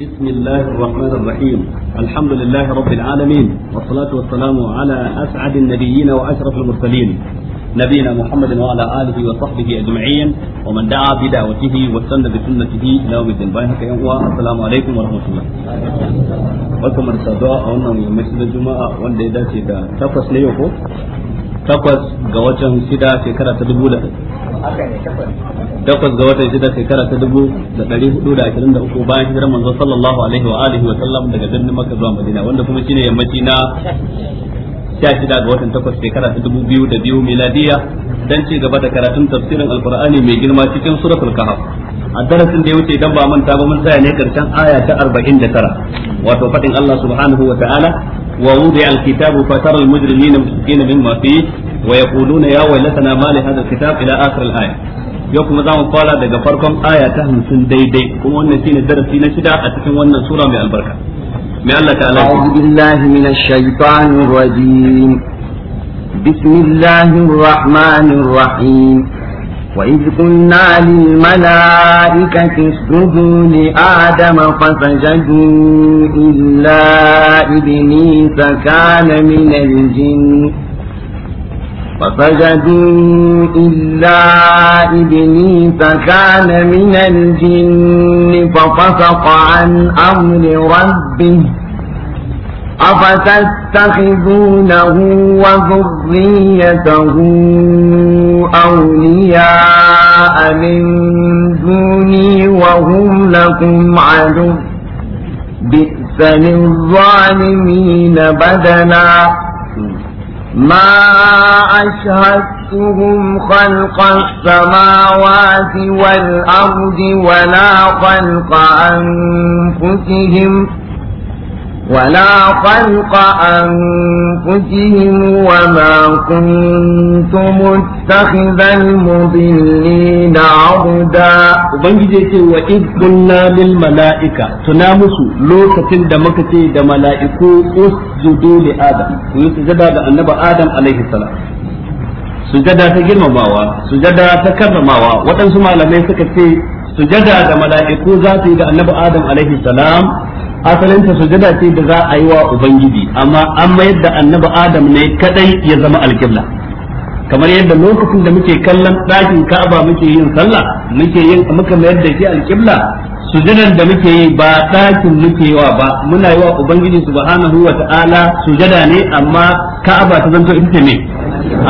بسم الله الرحمن الرحيم الحمد لله رب العالمين والصلاة والسلام على أسعد النبيين وأشرف المرسلين نبينا محمد وعلى آله وصحبه أجمعين ومن دعا بدعوته واستنى بسنته إلى يوم الدين باي هكا السلام عليكم ورحمة الله وكم الصدعاء أولنا من مسجد الجمعة وان دي داتي دا تقوى سنيوكو تقوى قوة سيدا في كرة تدبولة takwas ga watan shida shekara ta dubu da ɗari hudu da ashirin da uku bayan shigar manzo sallallahu alaihi wa alihi wa sallam daga birnin makka zuwa madina wanda kuma shine yammaci na sha shida ga watan takwas shekara ta dubu biyu da biyu miladiya dan ci gaba da karatun tafsirin alqur'ani mai girma cikin suratul kahf a darasin da ya wuce dan ba ta ba mun tsaya ne karshen aya ta 49 wato fadin Allah subhanahu wa ta'ala wa wudi'a alkitabu fatara almujrimina min mimma fihi wa yaquluna ya waylatana ma li hadha alkitab ila akhir alaya yau kuma za mu fara daga farkon aya ta 50 daidai kuma wannan shine darasi na shida a cikin wannan sura mai albarka mai Allah ta'ala a'udhu billahi minash shaitanir rajim bismillahir rahmanir rahim وإذ قلنا للملائكة اسجدوا لآدم فسجدوا illa إبليس كان من الجن فسجدوا إلا إبليس كان من الجن ففسق عن أمر ربه أفتتخذونه وذريته أولياء من دوني وهم لكم عدو بئس للظالمين بدلاً ما أشهدتهم خلق السماوات والأرض ولا خلق أنفسهم ولا خلق أنفسهم وما كنت متخذ المضلين عبدا وبنجي ce in id qulna lil malaika tuna musu lokacin da muka ce da malaiku usjudu li adam ku yi sujada ga annabi adam alaihi salam sujada ta girmamawa sujada ta karramawa waɗansu malamai suka ce sujada da mala'iku za su yi salam asalinta sujada ce da za a yi wa ubangiji amma an mayar da annabi adam ne kadai ya zama alkibla kamar yadda lokacin da muke kallon ɗakin ka'aba muke yin sallah muke yin muka mayar da shi su sujadan da muke yi ba ɗakin muke wa ba muna yi wa ubangiji subhanahu wa ta'ala sujada ne amma ka'aba ta zanto ita ne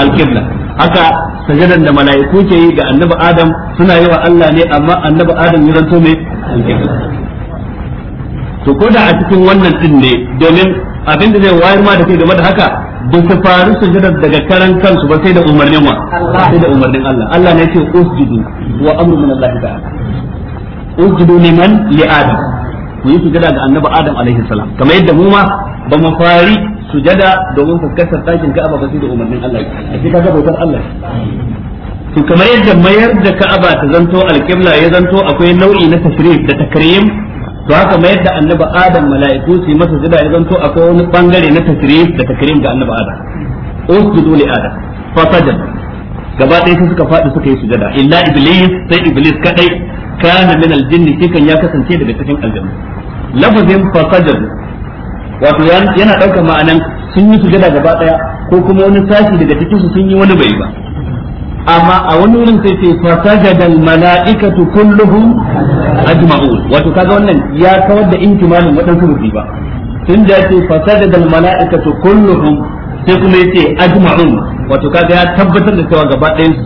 alƙibla haka sujadan da mala'iku ke yi ga annabi adam suna yi wa Allah ne amma annabi adam ya zanto ne alƙibla. to ko da a cikin wannan din ne domin abin da zai wayar ma da kai game da haka ba su faru su jada daga karan kansu ba sai da umarnin wa sai da umarnin Allah Allah ne ce usjudu wa amru min Allah ta'ala usjudu liman li adam ku yi sujada ga annabi adam alaihi salam kamar yadda mu ma ba mu fari sujada domin fuskantar dakin Ka'aba ba sai da umarnin Allah a cikin kaga bautar Allah to kamar yadda mayar da Ka'aba ta zanto alqibla ya zanto akwai nau'i na tashrif da takrim to haka mayar da annabi adam mala'iku su yi masa sujada ya zanto akwai wani bangare na tasrif da takrim ga annabi adam usjudu li adam fa sajada gaba ɗaya sai suka faɗi suka yi sujada illa iblis sai iblis kadai kana min aljinni kikan ya kasance daga cikin aljanna lafazin fa sajada wato yana ɗaukar ma'anan sun yi sujada gaba ɗaya ko kuma wani sashi daga cikin su sun yi wani bai ba amma a wani wurin sai ce fasajada almalaikatu kulluhum ajma'un wato kaga wannan ya kawar da intimalin wadansu rufi ba tun da ce fasajada almalaikatu kulluhum sai kuma yace ajma'un wato kaga ya tabbatar da cewa gaba ɗayan su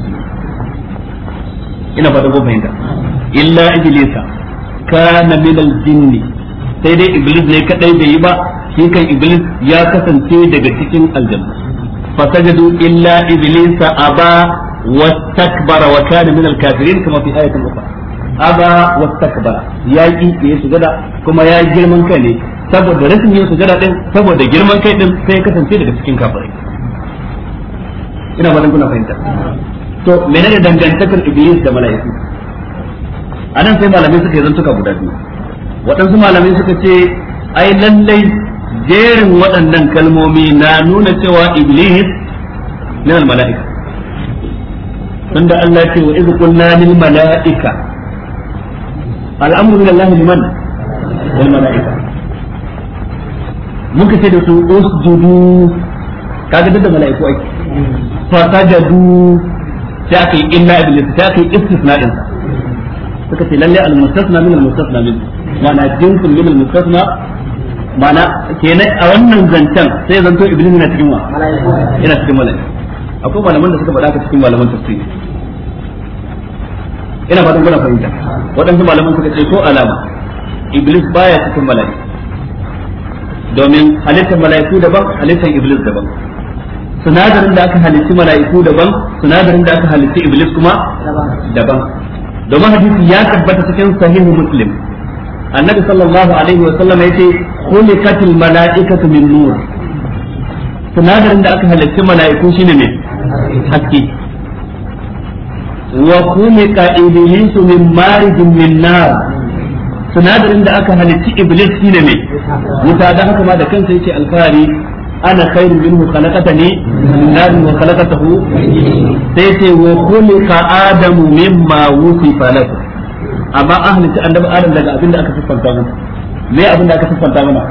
ina fata ko fahimta illa iblisa kana min aljinni sai dai iblis ne kadai bai yi ba shi kan iblis ya kasance daga cikin aljanna fasajadu illa iblisa aba واستكبر وكان من الكافرين كما في آية أخرى أبى واستكبر يا إيه سجدة كما يا جرمان كان saboda rashin yin sujada din saboda girman kai din sai ya daga cikin kafirai ina ba kuna fahimta to menene dangantakar iblis da mala'iku anan sai malamin suka yi zantuka guda biyu malamin suka ce ai lallai jerin waɗannan kalmomi na nuna cewa iblis na mala'ika tunda Allah ce wa idh qulna lil malaika al'amru min Allah liman wal malaika muka ce da su usjudu kaga duk da malaiku ake fa sajadu sai aka yi illa iblis sai aka yi istisna din suka ce lalle al mustasna min al mustasna min ma'ana jinsun min al mustasna ma'ana kenan a wannan zancen sai zanto iblis yana cikin wa yana cikin malaiku akwai malaman da suka faɗa ka cikin malaman tafsiri ina fatan kuna fahimta waɗansu malaman suka ce ko alama iblis baya cikin mala'iku domin halittar mala'iku daban halittar iblis daban sinadarin da aka halitti mala'iku daban sinadarin da aka halitti iblis kuma daban domin hadisi ya tabbata cikin sahihu muslim annabi sallallahu alaihi wa sallam yace khuliqatil mala'ikatu min nur sinadarin da aka halitti mala'iku shine ne haske wa khuliqa iblis min marij min nar sinadarin da aka halitti iblis shine mai wuta da haka ma da kansa yake alfahari ana khairu minhu khalaqatani min nar wa khalaqatahu sai sai wa khuliqa adamu mimma wusifa lahu amma ahli ta annabi adam daga abinda aka siffanta mana me abinda aka siffanta mana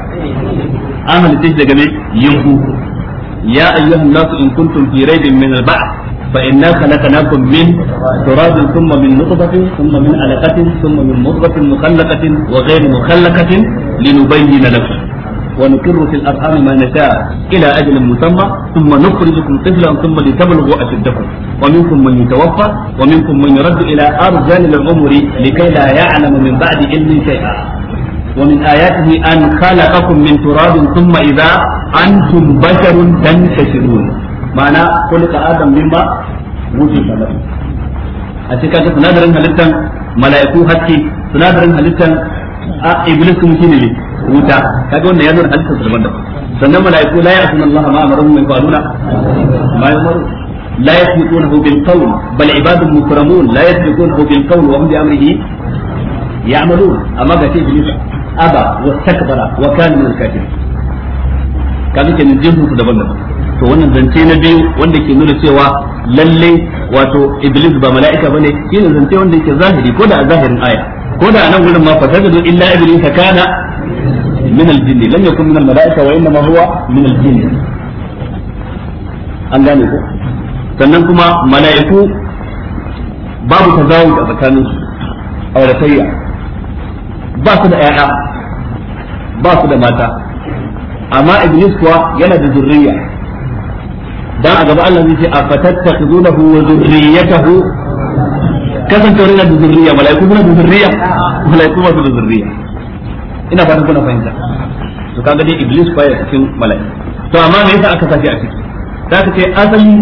an halitta shi daga me yunku ya ayyuhan nasu in kuntum fi raibin min al-ba'th فإنا خلقناكم من تراب ثم من نطفة ثم من علقة ثم من مضغة مخلقة وغير مخلقة لنبين لكم ونقر في الأرحام ما نشاء إلى أجل مسمى ثم نخرجكم طفلا ثم لتبلغوا أشدكم ومنكم من يتوفى ومنكم من يرد إلى أرجل العمر لكي لا يعلم من بعد علم شيئا ومن آياته أن خلقكم من تراب ثم إذا أنتم بشر تنتشرون ma'ana kulika adam mimma wuce falahu a cikin kaga sinadarin halittan mala'iku haske sinadarin halittan a iblis kuma shine ne wuta kaga wannan ya nuna halittar daban daban sannan mala'iku la ya'tuna Allah ma amaruhum wa yafaluna ma yamaru la yasbiqunahu bil qawl bal ibadun mukramun la yasbiqunahu bil qawl wa hum bi amrihi ya'malun amma ga ce iblis aba wa takbara wa kana min al-kafirin kaga kenan jinsu daban daban to wannan zance na biyu wanda ke nuna cewa lalle wato iblis ba mala'ika bane shine zance wanda yake zahiri ko da a zahirin aya ko da a nan gurin ma fa-tare fasajadu illa iblis kana min al-jinni lam yakun min al-mala'ika wa inma huwa min al-jinni an gane ko sannan kuma mala'iku babu tazawud a tsakanin su wadatayya ba su da ƴaƴa ba su da mata amma iblis kuwa yana da zurriya dan a gaba Allah zai ce a fatattakhunahu wa dhurriyyatahu kasancewar yana da zurriya malaiku suna da zurriya malaiku masu da zurriya ina fatan kuna fahimta to kaga dai iblis ya cikin malaiku to amma me yasa aka sashi a ciki za ka ce asali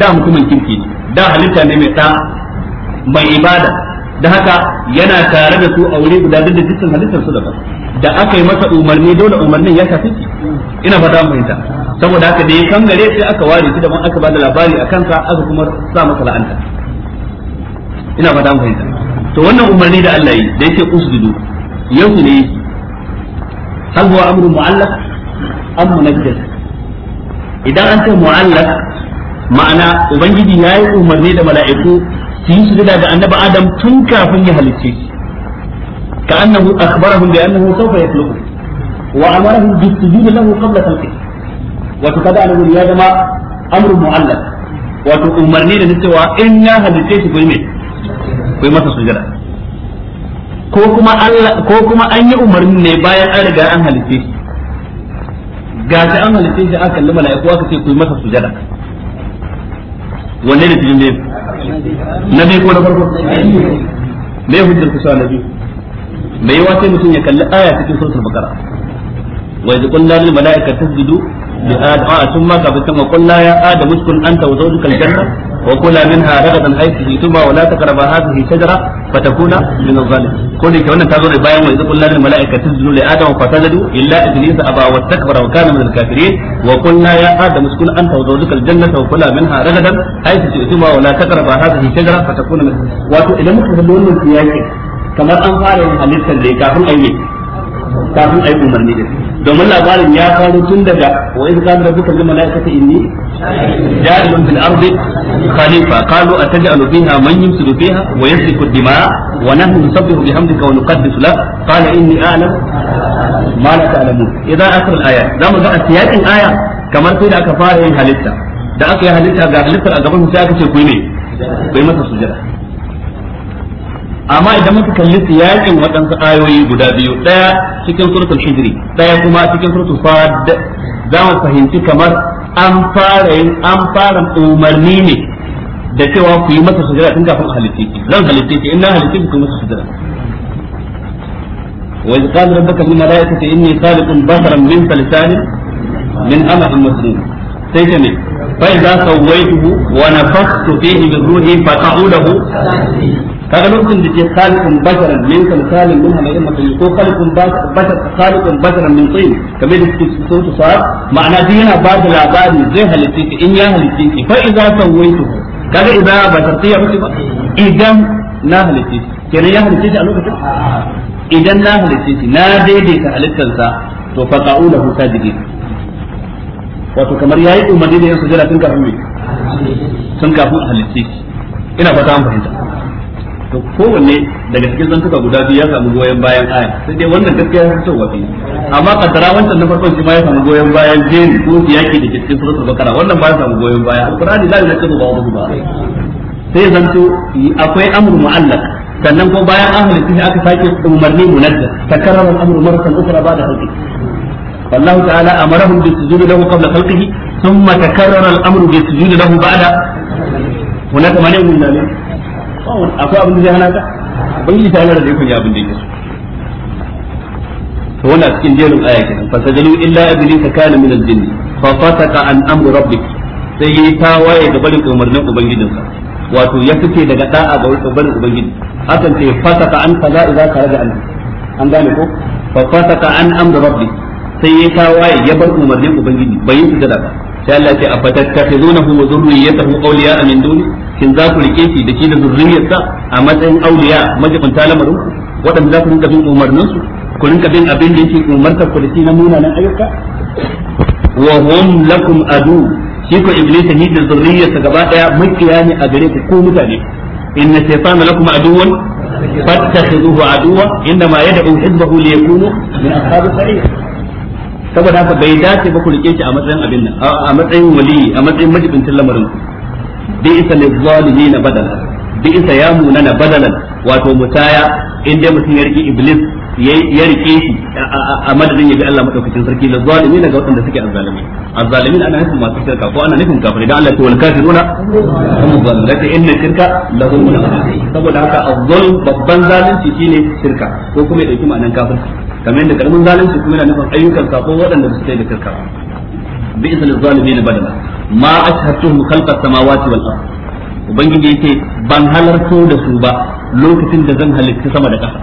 da mutumin kirki da halitta ne mai ta mai ibada da haka yana tare da su a wuri guda da dukkan halittar su ba da aka yi masa umarni dole umarnin ya tafi ina fata fahimta saboda haka da ya gare sai aka ware shi daban aka bada labari a kansa aka kuma sa masa la'anta ina fata mu fahimta to wannan umarni da Allah yi da yake usjudu yanzu ne hal huwa amrun mu'allaq am munajjal idan an ce mu'allaq ma'ana ubangiji ya yi umarni da mala'iku su yi sujuda ga annabi adam tun kafin ya halicce shi ka annahu akhbarahum bi annahu sawfa yakhluqu wa amarahum bi sujudi lahu qabla khalqihi wato kada an gudu ya zama amrun mu'allaq wato umarni da cewa in ya halice shi me kai masa sujada ko kuma Allah ko kuma an yi umarni ne bayan an riga an halice shi ga ta an halice shi aka kalli mala'iku aka ce kai masa sujada wanne ne cikin biyu na biyu ko na farko me hujjar ku sa na biyu me yawa sai mutum ya kalli aya cikin suratul bakara wa yaqul lil mala'ikati tasjudu بآدم ثم كفتم وقلنا يا آدم اسكن أنت وزوجك الجنة وكلا منها رغدا حيث شئتما ولا تقربا هذه الشجرة فتكونا من الظالمين كون يك bayan wanda kullu lil malaikatu tuzlu li adam fasajadu illa iblis aba wastakbara wa kana min al kafirin wa qulna ya adam uskun anta wa zawjuka al jannata wa kula minha ragadan haythu shi'tuma kamar an fara yin halittar kafin a yi umarni da domin labarin ya faru tun daga wa iz kana rabbuka lil malaikati inni ja'ilun bil ardi khalifa qalu ataj'alu fiha man yumsidu fiha wa yasfiku dima'a wa nahnu nusabbihu bihamdika wa nuqaddisu lak qala inni a'lam ma la ta'lamu idan akhir al ayat zamu ga siyakin aya kamar sai da aka fara yin halitta da aka yi halitta ga halitta a gaban sai aka ce ku ne bai masa sujada amma idan muka kalli siyakin waɗansu ayoyi guda biyu ɗaya cikin suratul hijri ɗaya kuma cikin suratul fad za mu fahimci kamar an fara yin an fara umarni ne da cewa ku yi masa sujada tun kafin halitta ki zan halitta ki na halitta ku masa sujada wa idh qala rabbuka lil malaikati inni khaliqun basharan min salsalin min amalin masnun sai ta ne fa idza sawaituhu wa nafakhtu fihi min ruhi fa qa'udahu kaga lokacin da ke khaliqun basharan min kan salim min halayin mutum ko khaliqun bashar khaliqun basharan min tin kamar da suke so su sa ma'ana dai yana ba da labari zai halitta ki in ya halitta ki fa idza sawaitu kaga idza ba tartiya ba idan na halitta kenan ya halitta shi a lokacin idan na halitta shi na daidaita halittarsa to fa qa'ula hu sajidin wato kamar yayi umarni da yin sujada tun kafin sun kafin halitta ina fata an fahimta to kowanne daga cikin zantuka guda biyu ya samu goyon bayan aya sai dai wannan gaskiya ya fito wafi amma kaddara wancan na farkon shi ma ya samu goyon bayan jin ko yaki da cikin suratul bakara wannan ba ya samu goyon baya alqur'ani la yunaqadu ba'dahu ba sai zanto akwai amru mu'allaq sannan ko bayan ahli halitta aka sake umarni munazzah takarrara al-amru maratan ukhra ba'da khalqi والله تعالى أمرهم بالسجود له قبل خلقه ثم تكرر الأمر بالسجود له بعد هناك مانع من ذلك akwai abin da zai hana ka ubangiji ta da ikon ya abin da yake so to wannan cikin jerin aya kenan fa sajalu illa iblisa kana min al-jinn fa fataka an rabbik sai yi tawaye ga barin umarnin ubangijinsa wato ya fice daga da'a ga barin ubangiji hakan fataka an an an gane ko fa fataka an amri rabbik sai yi tawaye ya bar umarnin ubangiji bai yi sujada ba sai Allah ya ce wa dhurriyyatahu awliya'a min duni shin za ku rike shi da shi da zurriyarsa a matsayin auliya majibanta lamarin waɗanda za ku rinka bin umarnin su ku rinka bin abin da yake ku da shi na munanan ayyuka wa hum lakum adu shi ko da zurriyarsa gaba daya makiya ne a gare ku ko mutane inna shaytana lakum aduwan aduwa yad'u hizbahu min sa'ir saboda haka bai dace ba ku rike shi a matsayin abin nan a matsayin wali a matsayin majibin bi'sa lizalimin badala bi'sa ya munana badalan wato mutaya in dai mutum ya rike iblis ya rike shi a madadin ya bi Allah madaukakin sarki da zalimi ga waɗanda suke azzalimi azzalimin ana nufin masu shirka ko ana nufin kafirai dan Allah ce wal kafiruna hum zalati inna shirka la zulmun saboda haka azzalm babban zalunci shine shirka ko kuma ya dauki ma'anan kafirci kamar yadda karamin zalunci kuma yana nufin ayyukan sako waɗanda su da shirka bi'sa lizalimin badala ma ashhadtuhum khalqa samawati wal ard ubangiji yace ban halarto da su ba lokacin da zan halitta sama da ƙasa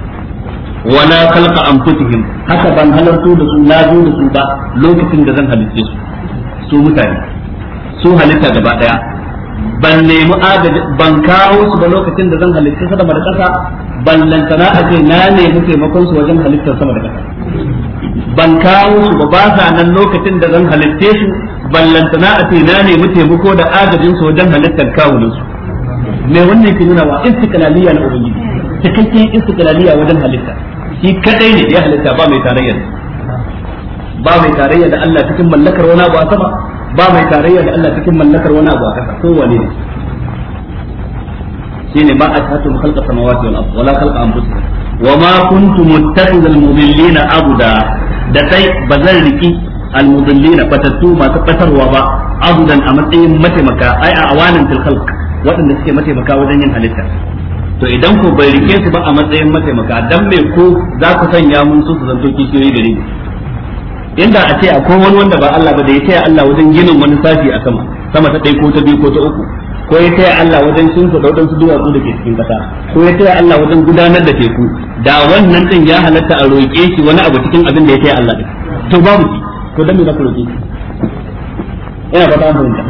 wala khalqa anfusihim haka ban halarto da su na zo da su ba lokacin da zan halitta su su mutane su halitta gaba daya ban nemi agaji ban kawo su ba lokacin da zan halitta sama da ƙasa ban lantana a ce na nemi taimakon su wajen halittar sama da ƙasa ban kawo su ba ba sa nan lokacin da zan halitte su ballantana a ce na nemi taimako da agajin su wajen halittar kawunan su me wannan ke nuna wa istiqlaliya na ubangiji cikakken istiqlaliya wajen halitta shi kadai ne ya halitta ba mai tarayya ba mai tarayya da Allah cikin mallakar wani abu a sama ba mai tarayya da Allah cikin mallakar wani abu a kasa ko wane ne shine ma ashhadu khalqa samawati wal ardi wala khalqa anfusihim وما كنت متخذ المضلين عبدا da dai ba zan riki na fatattu masu fatarwa ba abudan a matsayin mataimaka ai a awanin tilkal waɗanda suke mataimaka wajen yin halitta to idan ku bai rike su ba a matsayin mataimaka dan me ku za ku sanya mun su su zanto kishiyoyi gare ni inda a ce akwai wani wanda ba Allah ba da ya taya Allah wajen ginin wani safi a sama sama ta ɗaya ko ta biyu ko ta uku ko ya taya Allah wajen su da waɗansu duwatsu da ke cikin ƙasa ko ya taya Allah wajen gudanar da teku da wannan din ya halatta a roƙe shi wani abu cikin abin da ya taya Allah to babu shi to dan me za ku roƙe shi ina ba ta fahimta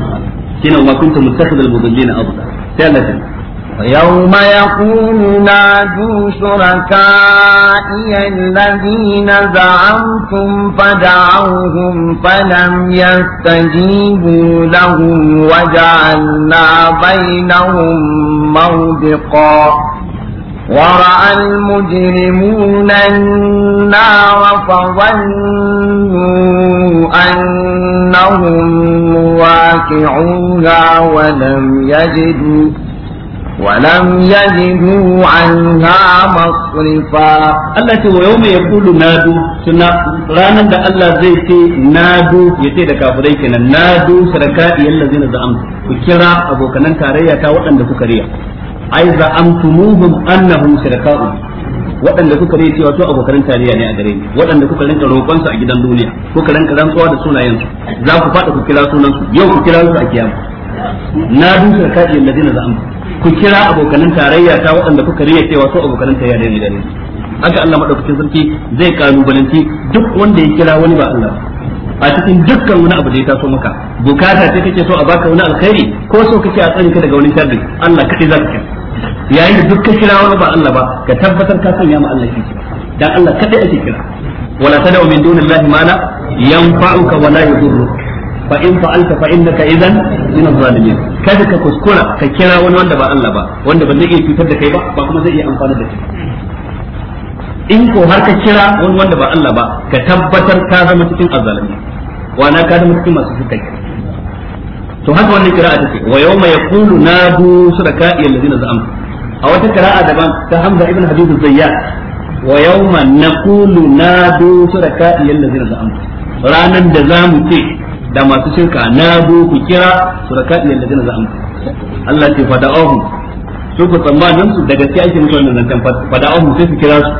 kina ma kuntum muttakhidul mudallina abda sai Allah ويوم يقول نادوا شركائي الذين زعمتم فدعوهم فلم يستجيبوا لهم وجعلنا بينهم موبقا ورأى المجرمون النار فظنوا أنهم واقعوها ولم يجدوا ولم يجدوا عنها مصرفا الله تي ويوم يقول نادو سنا رانا دا الله زي تي نادو يتي دا كافرين كنا نادو شركائي الذين زعمتم وكرا أبو كنان كاريا كاوطن دا كوكريا أي زعمتموهم أنهم شركاؤهم waɗanda kuka rai cewa to abokan tarayya ne a gare ni waɗanda kuka rinka roƙon a gidan duniya kuka rinka rantsuwa da sunayen su za ku faɗa ku kira sunan su yau ku kira su a kiyama na duka alladina za'am ku kira abokanan tarayya ta waɗanda kuka riya cewa su abokanan tarayya ne gare haka Allah madaukakin sarki zai kalubalanci duk wanda ya kira wani ba Allah a cikin dukkan wani abu da ya taso maka bukata ce kake so a baka wani alkhairi ko so kake a tsare ka daga wani sharri Allah kadai zaka kira yayin da duk kira wani ba Allah ba ka tabbatar ka sanya ma Allah shi dan Allah kadai ake kira wala tad'u min dunillahi ma la yanfa'uka wa la yadurruka fa in fa'alta fa innaka idan min adh-dhalimin kada ka kuskura ka kira wani wanda ba Allah ba wanda ba zai iya cutar da kai ba ba kuma zai iya amfana da kai in ko har ka kira wani wanda ba Allah ba ka tabbatar ka zama cikin azzalimi wana ka zama cikin masu fitar to haka wannan kira'a take wa yawma yaqulu nadu suraka'i allazina za'am a wata kira'a daban ta Hamza ibn Habib az-Zayyad wa yawma naqulu nadu suraka'i allazina za'am ranan da zamu ce da masu shirka na zo ku kira suraka da ladina za'am Allah ce ohun su ku tsammanin su daga gaske ake nan can fada fada'ahum sai su kira su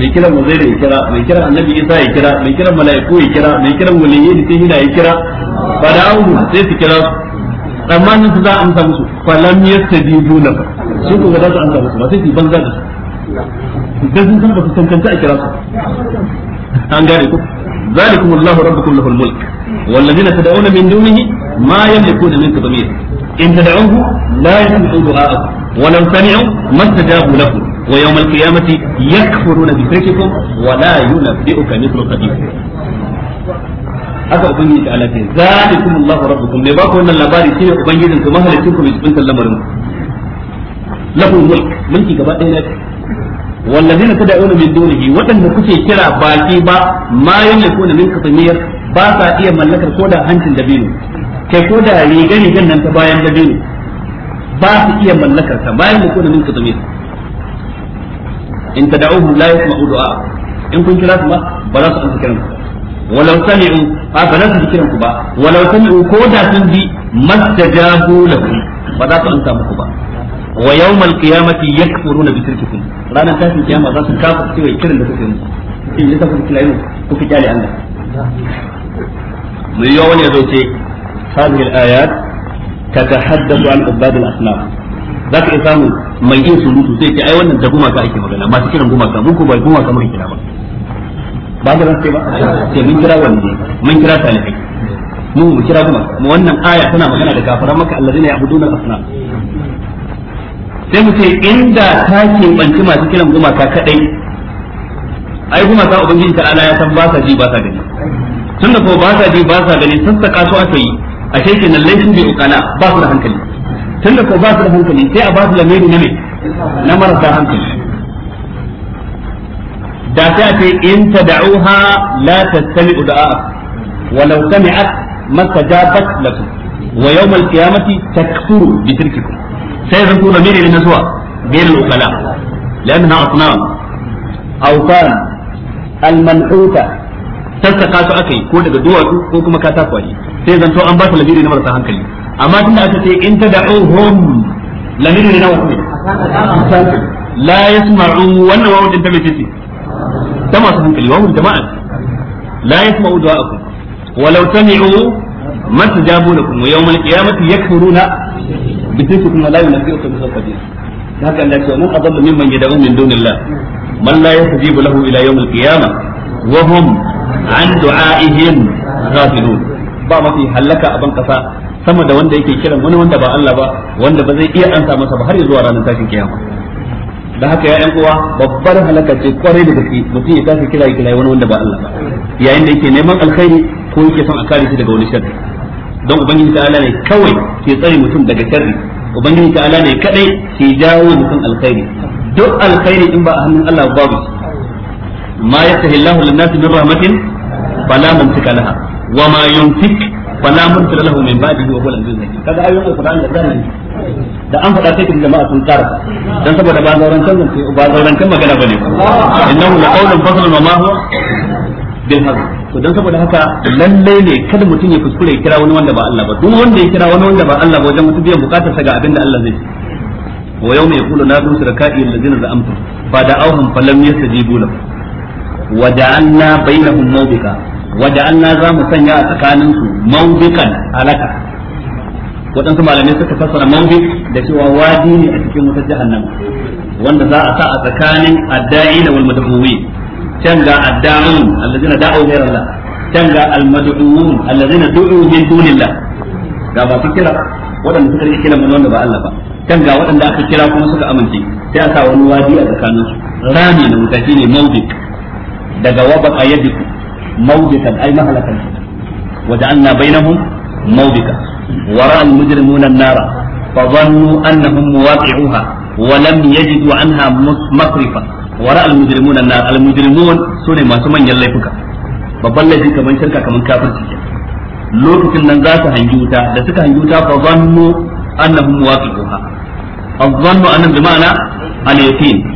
mai kiran muzair ya kira mai kiran annabi isa ya kira mai kiran mala'iku ya kira mai kiran waliyyi da shahida ya kira fada'ahum sai su kira su tsammanin su za a amsa musu falam yastajibu lahu su ku ga za su amsa musu ba sai su banza da su da sun san ba su tantance a kira su an gane ku zalikum Allahu rabbukum lahul mulk والذين تدعون من دونه ما يملكون من إن تدعوه لا يسمعوا دعاءكم ولو سمعوا ما استجابوا لكم ويوم القيامة يكفرون بشرككم ولا ينبئك مثل خبير haka ubangiji ta alaƙe Allah rabbukum wannan labari ubangijin mahalicin ku lamarin mulk mulki gaba ɗaya na wallazina min dunihi wadanda kuke kira baki ba ma min ba sa iya mallakar ko da hancin dabino kai ko da riga rigan nan ta bayan dabino ba su iya mallakar ta bayan da kuna min ka zame in tad'uhum la yasma'u du'a in kun kira su ba ba za su amsa kiran ku walau sami'u a ba za su ji kiran ku ba walau sami'u ko da sun bi mastajabu lahu ba za su amsa muku ba wa yawmal qiyamati yakfuruna bi shirkikum ranar tashin kiyama za su kafa cewa kiran da kuke muku in da kuke kira yau kuke kyale Allah mai yiwa wani ya zo ce hadhihi al-ayat tatahaddathu an ubad al-asnam zaka iya samu mai yin surutu sai ce ai wannan da gumaka ake magana masu kiran gumaka mun ko ba gumaka muka kira ba ba da ran sai ba sai mun kira wanne mun kira salihai mu mu kira gumaka mu wannan aya tana magana da kafiran maka alladina ya'buduna al-asnam sai mu ce inda ta ke banci masu kiran gumaka kadai ai gumaka ubangiji ta ala ya san ba sa ji ba sa gani tunda ko ba sa ji ba sa gani sassaka su aka yi a shekin nan laifin bai ukala ba su da hankali tunda ko ba su da hankali sai a ba su lamiri na me na marasa hankali da sai a ce in ta tad'uha la tastami'u da'a walau sami'at mastajabat lakum wa yau yawm al ta takfuru bi shirkikum sai zan ku lamiri ne na zuwa غير الوكلاء لأنها أصنام أوثان المنحوتة sassaka su aka yi ko daga duwatsu ko kuma katakwa ne sai zanto an ba su lamiri na marasa hankali amma tunda aka ce in ta da'uhum lamiri ne na wasu la yasma'u wannan wawu din ta mece ce ta masu hankali wawu jama'a la yasma'u du'a'akum walau sami'u mastajabu lakum wa yawmal qiyamati yakfuruna bi tilkum la yunabbi'ukum bi khabir haka Allah ce man adalla mimman yad'u min dunillah man la yastajibu lahu ila yawmil qiyamah wa hum an du'a'ihim ghafilun ba mafi halaka a ban kasa sama da wanda yake kiran wani wanda ba Allah ba wanda ba zai iya ansa masa ba har zuwa ranar tashin kiyama da haka ya'yan uwa babbar halaka ce kwarai da gaske mutum ya tashi kira kira wani wanda ba Allah ba yayin da yake neman alkhairi ko yake son a kare shi daga wani sharri don ubangiji ta'ala ne kawai ke tsare mutum daga sharri ubangiji ta'ala ne kadai ke jawo mutum alkhairi duk alkhairi in ba a hannun Allah babu ma yaftahillahu lin-nasi rahmatin da an faɗa jama'a sun tsara dan saboda ba zauran kan ba zauran kan magana bane innahu wa ma huwa bil hazm to dan saboda haka lalle ne kada mutum ya kuskure ya kira wani wanda ba Allah ba duk wanda ya kira wani wanda ba Allah ba wajen mutum biyan bukatar sa ga abin da Allah zai wa yawma yaqulu nadu allazina za'amtu fa da'awhum falam yastajibu lahum وجعلنا بينهم موبقا وجعلنا za mu sanya a tsakanin su mawbikan alaka waɗansu malamai suka fassara mawbik da cewa a cikin wutar jahannama wanda za a sa a tsakanin adda'ina wal madhuwi can ga adda'un allazina ga ga ba su kira waɗanda suka rike kira wanda ba Allah ba can ga waɗanda aka kira kuma suka amince sai a sa wani wadi a tsakanin su rami na mutaci ne mawbik daga wabaka yadiku mawbikan ay mahalakan waja'alna bainahum mawbika wara al-mujrimuna an-nara fadhannu annahum muwaqi'uha wa lam yajidu anha masrifa wara al-mujrimuna an-nar al-mujrimun sune masu manyan laifuka babban laifi kaman shirka kaman kafirci lokacin nan za su hangi wuta da suka hangi wuta fadhannu annahum muwaqi'uha fadhannu annahum bi ma'ana al-yaqin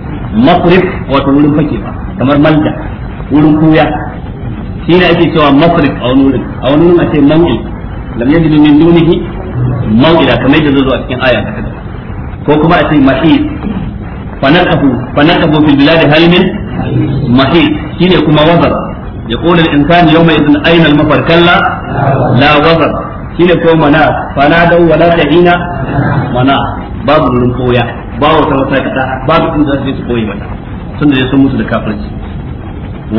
mafrif wato wurin fake ba kamar malda wurin kuya shi ne ake cewa mafrif a wani wurin a wani wurin a ce man'il lam yajid min dunihi maw'ila kamar yadda zai zo a cikin aya ta kada ko kuma a ce mahi fanaqahu fanaqahu fil bilad halimin mahi shi ne kuma wazar ya insani yau mai izin يقول الإنسان يومئذ أين المفر كلا لا وزر شيء كو منا فنادوا ina mana babu wurin koya ba wata masakata babu inda za su je su koyi mata da ya sun musu da kafirci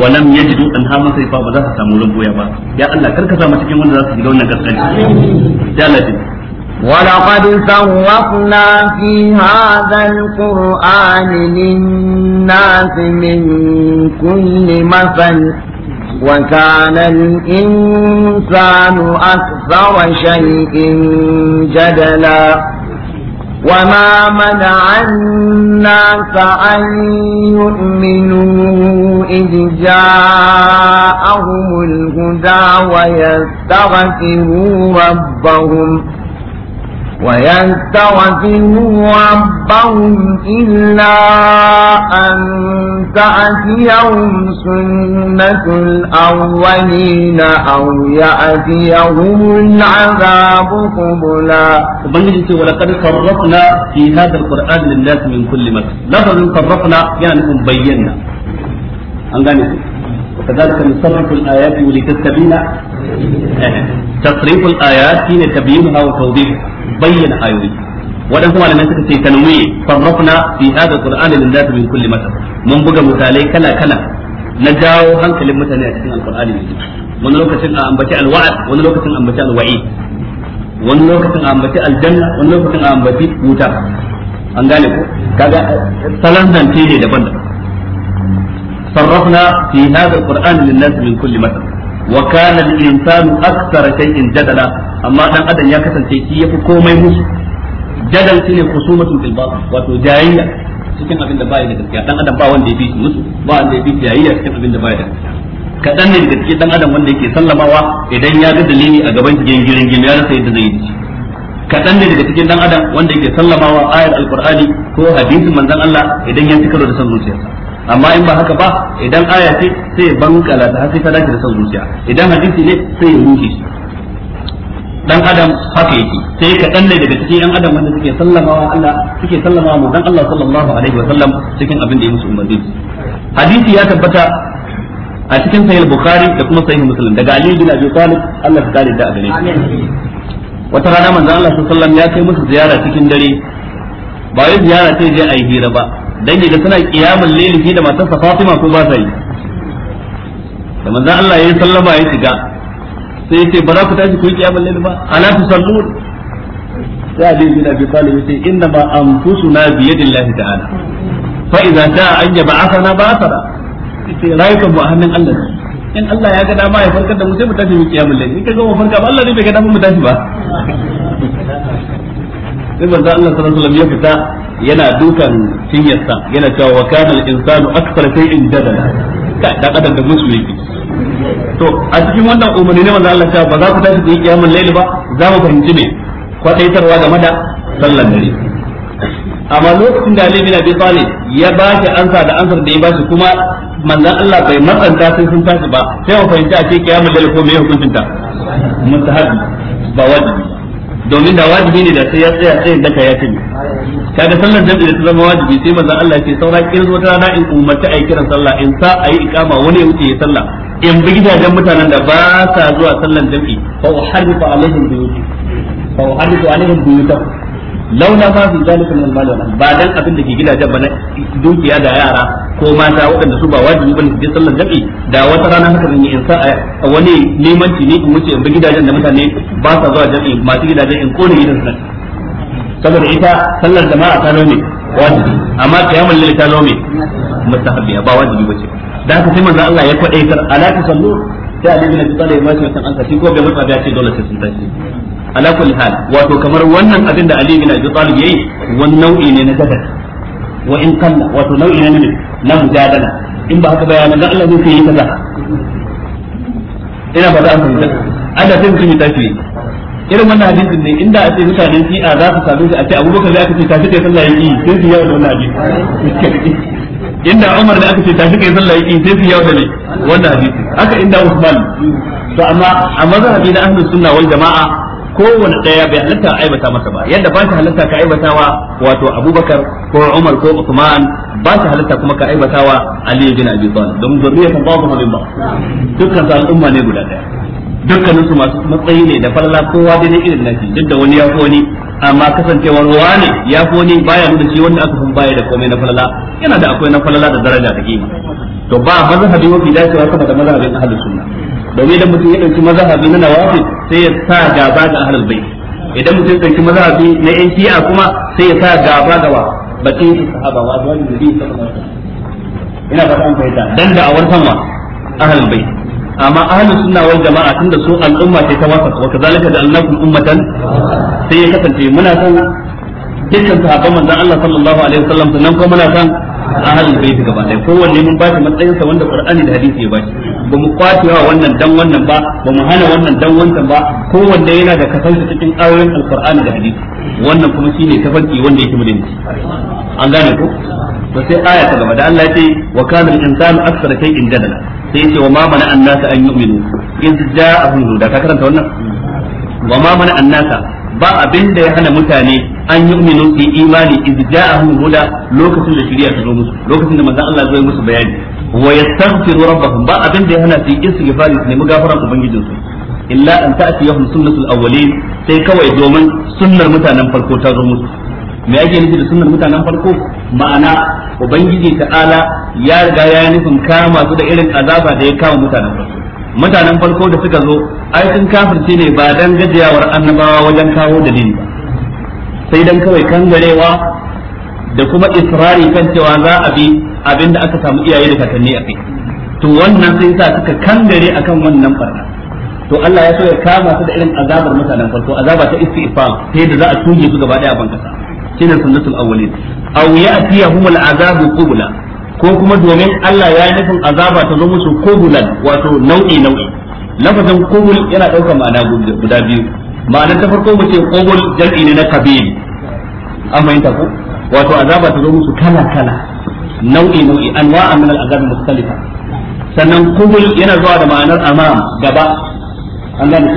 walam yajidu an ha masa fa ba za su samu rubuya ba ya Allah kar ka samu cikin wanda za su shiga wannan kaskanci ya Allah ولقد صرفنا في هذا القرآن للناس من كل مثل وكان الإنسان أكثر شيء جدلا وما منع الناس أن يؤمنوا إذ جاءهم الهدى ويستغفروا ربهم ويستغفروا ربهم إلا أن تأتيهم سنة الأولين أو يأتيهم العذاب قبلا وبنجد ولقد صرفنا في هذا القرآن للناس من كل مثل لفظ صرفنا يعني بينا أنغانيكم وكذلك نصرف الآيات ولتستبين تصريف الآيات حين تبيينها وتوضيحها بين آيوي wadan kuma da suka ce tanwi sarrafna fi hada qur'ani lin nas min kulli masal mun buga misalai kala kala na jawo hankalin mutane a cikin alqur'ani wani lokacin a ambaci alwa'd wani lokacin a ambaci alwa'i wani lokacin a ambaci wani lokacin a ambaci wuta an gane ko kaga salon zance ne daban-daban صرفنا في هذا القرآن للناس من كل مثل وكان الإنسان أكثر شيء جدلا أما أن أدن يكسن شيء في كومي جدل سنة خصومة في الباطل وتجاهية cikin abin da baya da gaskiya dan adam ba wanda ya bi shi musu ba wanda ya cikin abin da kadan ne daga cikin dan adam wanda yake sallamawa idan ya ga dalili a gaban shi gingirin gin ya rasa yadda zai yi kadan ne daga cikin dan adam wanda yake sallamawa ayar alqur'ani ko hadisin manzon Allah idan ya tikaro da san zuciyarsa amma in ba haka ba idan aya ce sai ya bankala ta sai ta dace da son zuciya idan hadisi ne sai ya rufe shi dan adam haka yake sai ka danne daga cikin yan adam wanda suke sallamawa Allah suke sallamawa mu dan Allah sallallahu alaihi wa sallam cikin abin da ya musu umarni hadisi ya tabbata a cikin sahih bukhari da kuma sahih muslim daga ali bin abi talib Allah ta kare da gare wata rana manzon Allah sallallahu alaihi wa sallam ya kai musu ziyara cikin dare ba yi ziyara sai je ayi hira ba dan yaga suna kiyamul layli fi da matan sa Fatima ko ba sa yi da manzon Allah ya sallama ya shiga sai yace ba za ku tashi ku yi kiyamul layli ba ala tu sallu ya Ali bin Abi Talib yace inna ma anfusuna bi yadillahi ta'ala fa idza sha'a an yab'athana ba'athara yace rayukan mu a hannun Allah in Allah ya ga dama ya farkar da mu sai mu tashi mu kiyamul layl in ga mu farka ba Allah ne bai ga dama mu tashi ba sai manzo Allah sallallahu alaihi wasallam ya fita yana dukan cinyarsa yana cewa wa kana al-insanu akthara shay'in jadala ka da kadan da musu yake to a cikin wannan umarni ne manzo Allah ya ba za ku tashi ku kiyamul layl ba za mu fahimci me kwadaitarwa game da sallar dare amma lokacin da Ali bin bi Talib ya ba shi ansa da ansar da ya ba shi kuma manzo Allah bai matsanta sai sun tashi ba sai mu fahimci a ce kiyamul layl ko me hukuncin ta ba wajibi domin da wajibi ne da sai ya tsaya tsayin daka ya ta kaga sallar jami'i da ta zama wajibi sai manzon Allah ya ce saura kin zo rana in umarta ayi kiran sallah in sa ayi ikama wani ya wuce ya sallah in bi gidajen mutanen da ba sa zuwa sallar jami'i fa uharrifu alaihim biyuti fa uharrifu alaihim biyuti launa ma fi zalika min al ba dan abin da ke gidajen ba na dukiya da yara ko mata waɗanda su ba wajibi bane su je sallar jami'i da wata rana haka zan yi in sa wani limanci ne in wuce in bi gidajen da mutane ba sa zuwa jami'i masu gidajen in kone gidan su saboda ita sallar jama'a ta nome wajibi amma qiyamul layl ta nome mustahabbiya ba wajibi bace da haka sai manzo Allah ya kwadaitar alaka sallu sai Ali bin Abi Talib ma sai an kace ko bai mutsa ya ce dole sai sun tashi ala kulli hal wato kamar wannan abin da Ali bin Abi Talib yayi wani nau'i ne na gadar wa in kalla wato nau'i ne na mujadala in ba haka bayanan da Allah zai yi kaza ina ba za a fahimta Allah sai mutum ya tashi irin wannan hadisin ne inda a ce mutane a za su same shi a ce abubakar da aka ce tashi kai sallah yaki sai su yawo da wannan hadisi inda Umar da aka ce tashi kai sallah yaki sai su yawo da ne wannan hadisi haka inda Usman to amma a mazhabi na ahlus sunna wal jama'a kowane daya bai halitta a aibata masa ba yadda ba ta halitta ka aibatawa wato Abubakar ko Umar ko Usman ba ta halitta kuma ka aibatawa Ali bin Abi Talib don zuriyatan babu min ba dukkan sa al'umma ne guda daya dukkanin su masu matsayi ne da falala kowa dai irin nashi duk da wani ya fi wani amma kasancewar ruwa ne ya fi wani baya nuna shi wanda aka san baya da komai na falala yana da akwai na falala da daraja da kima to ba mazhabi mafi dacewa sama da mazhabin ahlus domin idan mutum ya mazhabi na nawafi sai ya sa gaba da ahlul bait idan mutum ya dauki mazhabi na yan shi'a kuma sai ya sa gaba da bakin sahaba wa zuwa ina fata an fahimta dan da awar sanwa ahlul bait amma ahlus sunna wal jama'a tunda su al'umma ce ta wasa wa kazalika da annakum ummatan sai ya kasance muna san dukkan sahabban manzon Allah sallallahu alaihi wasallam sannan kuma muna san ahlul bait gaba ɗaya kowanne mun ba shi matsayin sa wanda qur'ani da hadisi ya ba shi ba mu kwacewa wannan dan wannan ba ba mu hana wannan dan wancan ba kowanne yana da kasance cikin ayoyin alqur'ani da hadisi wannan kuma shine tafarki wanda yake mu dinki an gane ko to sai aya ta gaba da Allah ya ce wa kana al-insanu aktsara shay'in jadala sai yace wa ma mana annasa an yu'minu in ja'ahum da ka karanta wannan wa ma mana annasa ba abin da ya hana mutane an yi uminu fi imani iz ja'ahum huda lokacin da shari'a ta zo musu lokacin da manzon Allah zai musu bayani wa yastaghfiru rabbahum ba abin da ya hana su istighfari su nemi gafaran ubangiji su illa an yahum sunnatul awwalin sai kawai domin sunnar mutanen farko ta zo musu me ake nufi da sunnar mutanen farko ma'ana ubangiji ta'ala ya riga ya nufin kama su da irin azaba da ya kama mutanen farko mutanen farko da suka zo ai sun kafirce ne ba dan gajiyawar annabawa wajen kawo dalili ba sai dan kawai kangarewa da kuma israri kan cewa za a bi Abin da aka samu iyaye da kakanni a kai to wannan sai sa suka kangare akan wannan barna to Allah ya so ya kama su da irin azabar mutanen farko azaba ta istifa ta yadda za a tuge su gaba daya bankasa shine sunnatul awwalin aw ya'tiyahum al'azab qubla ko kuma domin Allah ya nufin azaba ta zo musu qublan wato nau'i nau'i lafazin qubul yana daukar ma'ana guda biyu ma'anar ta farko mu ce qubul jam'i ne na kabil an ta ko wato azaba ta zo musu kala kala nau'i nau'i anwa'a min al-azab mukhtalifa sannan kubul yana zuwa da ma'anar amam gaba an gane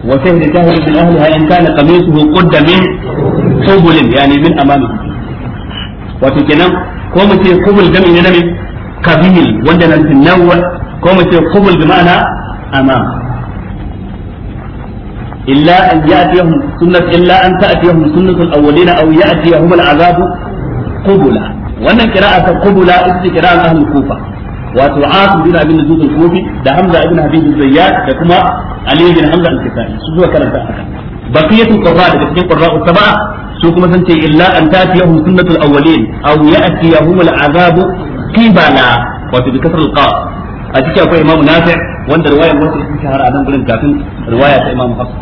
ku wa shahida shahid min ahliha in kana qamisuhu qudda min qubul yani min amami wato kenan ko mu ce kubul jami'i ne na min kabil wanda nan nawwa ko mu ce kubul bi ma'ana amam illa an ya'tiyahum sunnat illa an ta'tiyahum sunnatul awwalina aw ya'tiyahum al-azab qubula wannan kira'a ta qubula ita kira'a ahlul kufa wato asim bin abin da al kofi da hamza ibn habib az-zayyad da kuma ali bin hamza al-kisai su zuwa karanta akan baqiyatul qurra daga cikin qurra'u sab'a su kuma san ce illa an tatiyahum sunnatul awwalin aw ya'tiyahum al-azab qibala wato bi kasr al-qaf a cikin akwai imamu nafi' wanda riwayar wasu ita shahara a nan gurin kafin riwaya ta imamu hafs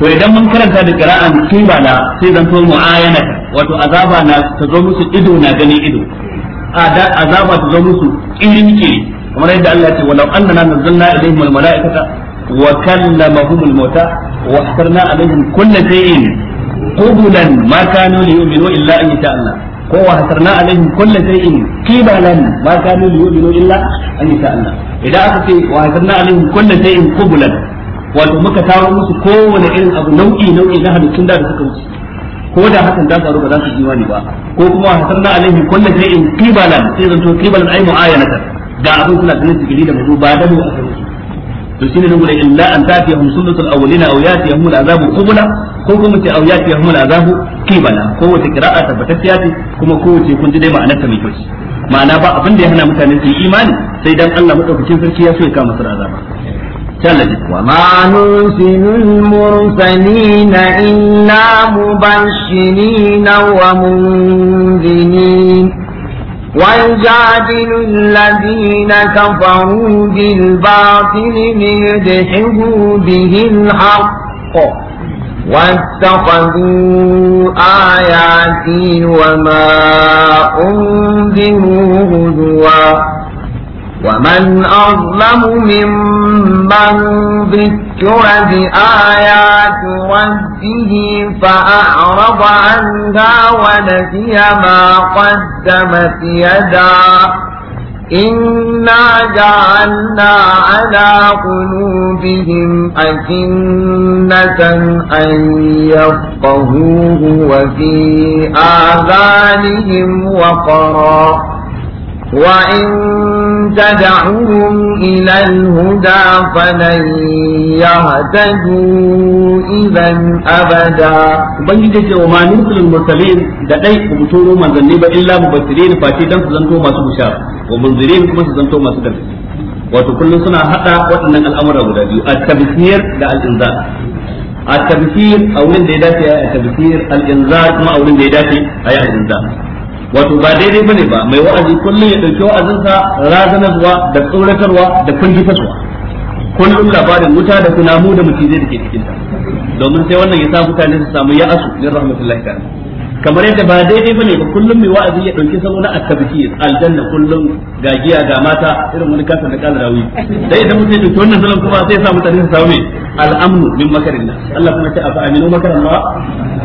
to idan mun karanta da qira'an kibala sai zan to mu'ayana wato azaba na ta zo musu ido na gani ido azaba ta zo musu kirin kiri kamar yadda Allah ya ce walau annana nazzalna ilaihim almalaikata wa kallamahum almauta wa ahtarna alaihim kulli shay'in qubulan ma kanu liyu'minu illa an yasha Allah ko wa hasarna alaihim kulli shay'in qibalan ma kanu liyu'minu illa an yasha Allah idan aka ce wa hasarna alaihim kulli shay'in qubulan wato muka kawo musu kowane irin abu nau'i nau'i na halittun da suka wuce ko da hakan ta faru ba za su ji wani ba ko kuma hasarna alaihi kullu shay'in qibalan sai zanto qibalan ay mu'ayanatan ga abin suna ganin sigiri da mazu ba da mu a kan to shine nan gurin illa an tatiyahum sunnatul awwalina aw yatiyahum al'azabu qubla ko kuma sai aw yatiyahum al'azabu qibala ko wata qira'a tabbatacciya ce kuma ko wace kun ji dai ma'anar ta mai kyau ma'ana ba abin da ya hana mutane su yi imani sai dan Allah madaukakin sarki ya so ya kama su azaba ما نرسل المرسلين إلا مبشرين ومنذرين ويجادل الذين كفروا بالباطل ليدحضوا به الحق واتخذوا آياتي وما أنذروا هدوا ومن أظلم ممن ذكر بآيات ربه فأعرض عنها ونسي ما قدمت يداه إنا جعلنا على قلوبهم أكنة أن يفقهوه وفي آذانهم وقرا وإن تدعوهم إلى الهدى فلن يهتدوا إذا أبدا بنجد وما نرسل المرسلين دقي ومتورو من ذنب إلا مبشرين فاتي دم ما سبشار ومنذرين كما سزنتو ما سدر wato kullum suna hada waɗannan al'amura guda biyu a tabbiyar da al'inza a tabbiyar a wurin da ya dace a tabbiyar al'inza kuma a wurin da ya dace a yi al'inza wato ba daidai ne ba mai wa'azi kullum ya dauki wa'azinsa razanarwa da tsoratarwa da kungitarwa kullum labarin wuta da kunamu da macizai da ke cikin domin sai wannan ya sa mutane su samu ya'asu min rahmatullahi ta'ala kamar yadda ba daidai bane ba kullum mai wa'azi ya dauki sabo na at aljanna kullum ga giya ga mata irin wani kasan da kala rawi dai idan mutum ya dauki wannan salon kuma sai sa mutane su samu al-amnu min makarin Allah kuma ta afa aminu makaran ma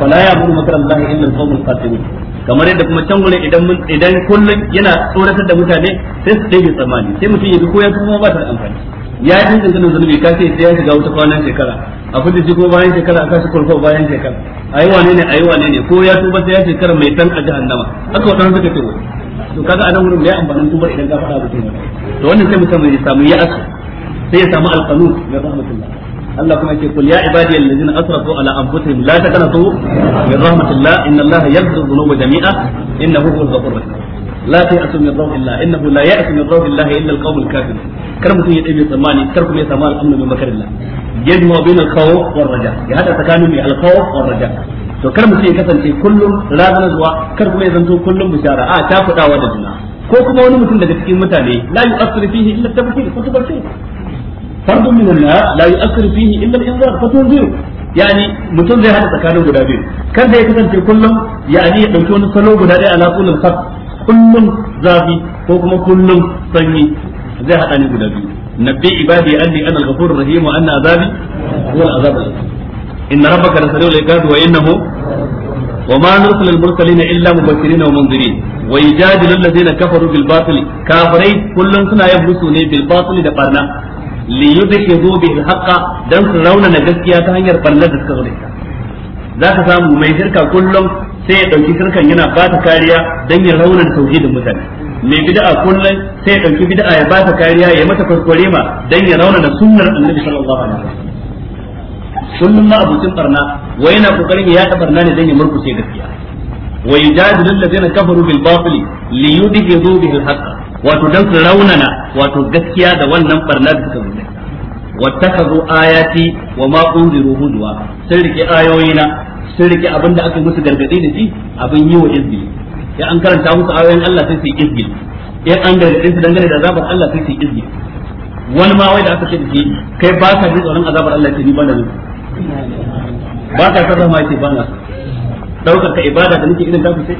fala Allah illa al-qawmul fasiqun kamar yadda kuma can gurin idan idan kullum yana tsoratar da mutane sai su dai tsammani sai mutum ya bi ko kuma ba ta amfani ya yi dindin ganin zunubi ka ce sai ya shiga wata kwanan shekara a kudu shi ko bayan shekara a kashi kurfa bayan shekara ayi wane ne ayi wane ne ko ya tuba sai ya shekara mai tan a jahannama haka wadanda suka ce to kaga anan wurin mai amfanin tuba idan ka faɗa mutum to wannan sai mutum ya samu ya asu sai ya samu alqanun na rahmatullah Allah kuma yake kul ya ibadi allazina asrafu ala anfusihim la taqnatu min rahmatillah inna Allah yaghfiru dhunuba jami'a innahu huwal ghafur rahim la ta'tu min rahmatillah innahu la ya'tu min rahmatillah illa alqawmul kafir kar mutum ya dabe tsammani kar kuma ya samu al'amnu min makarillah yajma bain alkhawf war raja ya hada tsakanin mai alkhawf war raja to kar mutum ya kasance kullum ranar zuwa kar kuma ya zanto kullum bishara a ta fudawa da juna ko kuma wani mutum daga cikin mutane la yu'assiru fihi illa tabkir ko tabkir fardun min an-nas la yu'akkir fihi illa al-inzar fatunziru yani mutum zai hada tsakanin guda biyu kan da ya kasance kullum yani ya dauki wani salo guda ɗaya ala kullum khaf kullum zafi ko kuma kullum sanyi zai hada ni guda biyu nabbi ibadi anni ana al-ghafurur rahim wa anna azabi huwa wa وما نرسل المرسلين الا مبشرين ومنذرين ويجادل الذين كفروا بالباطل كافرين كلن سنا يبسون بالباطل da barna li yudhibu bihi al-haqqa dan su rauna na gaskiya ta hanyar barnar da suka zo da ita zaka samu mai shirka kullum sai ya dauki shirkan yana ba ta kariya dan ya rauna tauhidin mutane mai bid'a kullum sai ya dauki bid'a ya ba ta kariya ya mata farkore ma dan ya rauna da sunnar annabi sallallahu alaihi wasallam kullum ma abucin barna wai yana kokarin ya ta barna ne dan ya murkushe gaskiya wa yujadilu allazina kafaru bil batil li zo bi al-haqqa wato dan su raunana wato gaskiya da wannan barna da suka zuwa wattakhadhu ayati wa ma unziru hudwa sun rike ayoyina sun rike abin da aka musu gargadi da shi abin yi wa izbi ya an karanta musu ayoyin Allah sai su yi izbi ya an gargadin su dangane da azabar Allah sai su yi izbi wani ma wai da aka ce da shi kai ba ka ji tsoron azabar Allah ce ni ba da ni ba ka sarra ma ce ba na daukar ka ibada da nake irin ta sai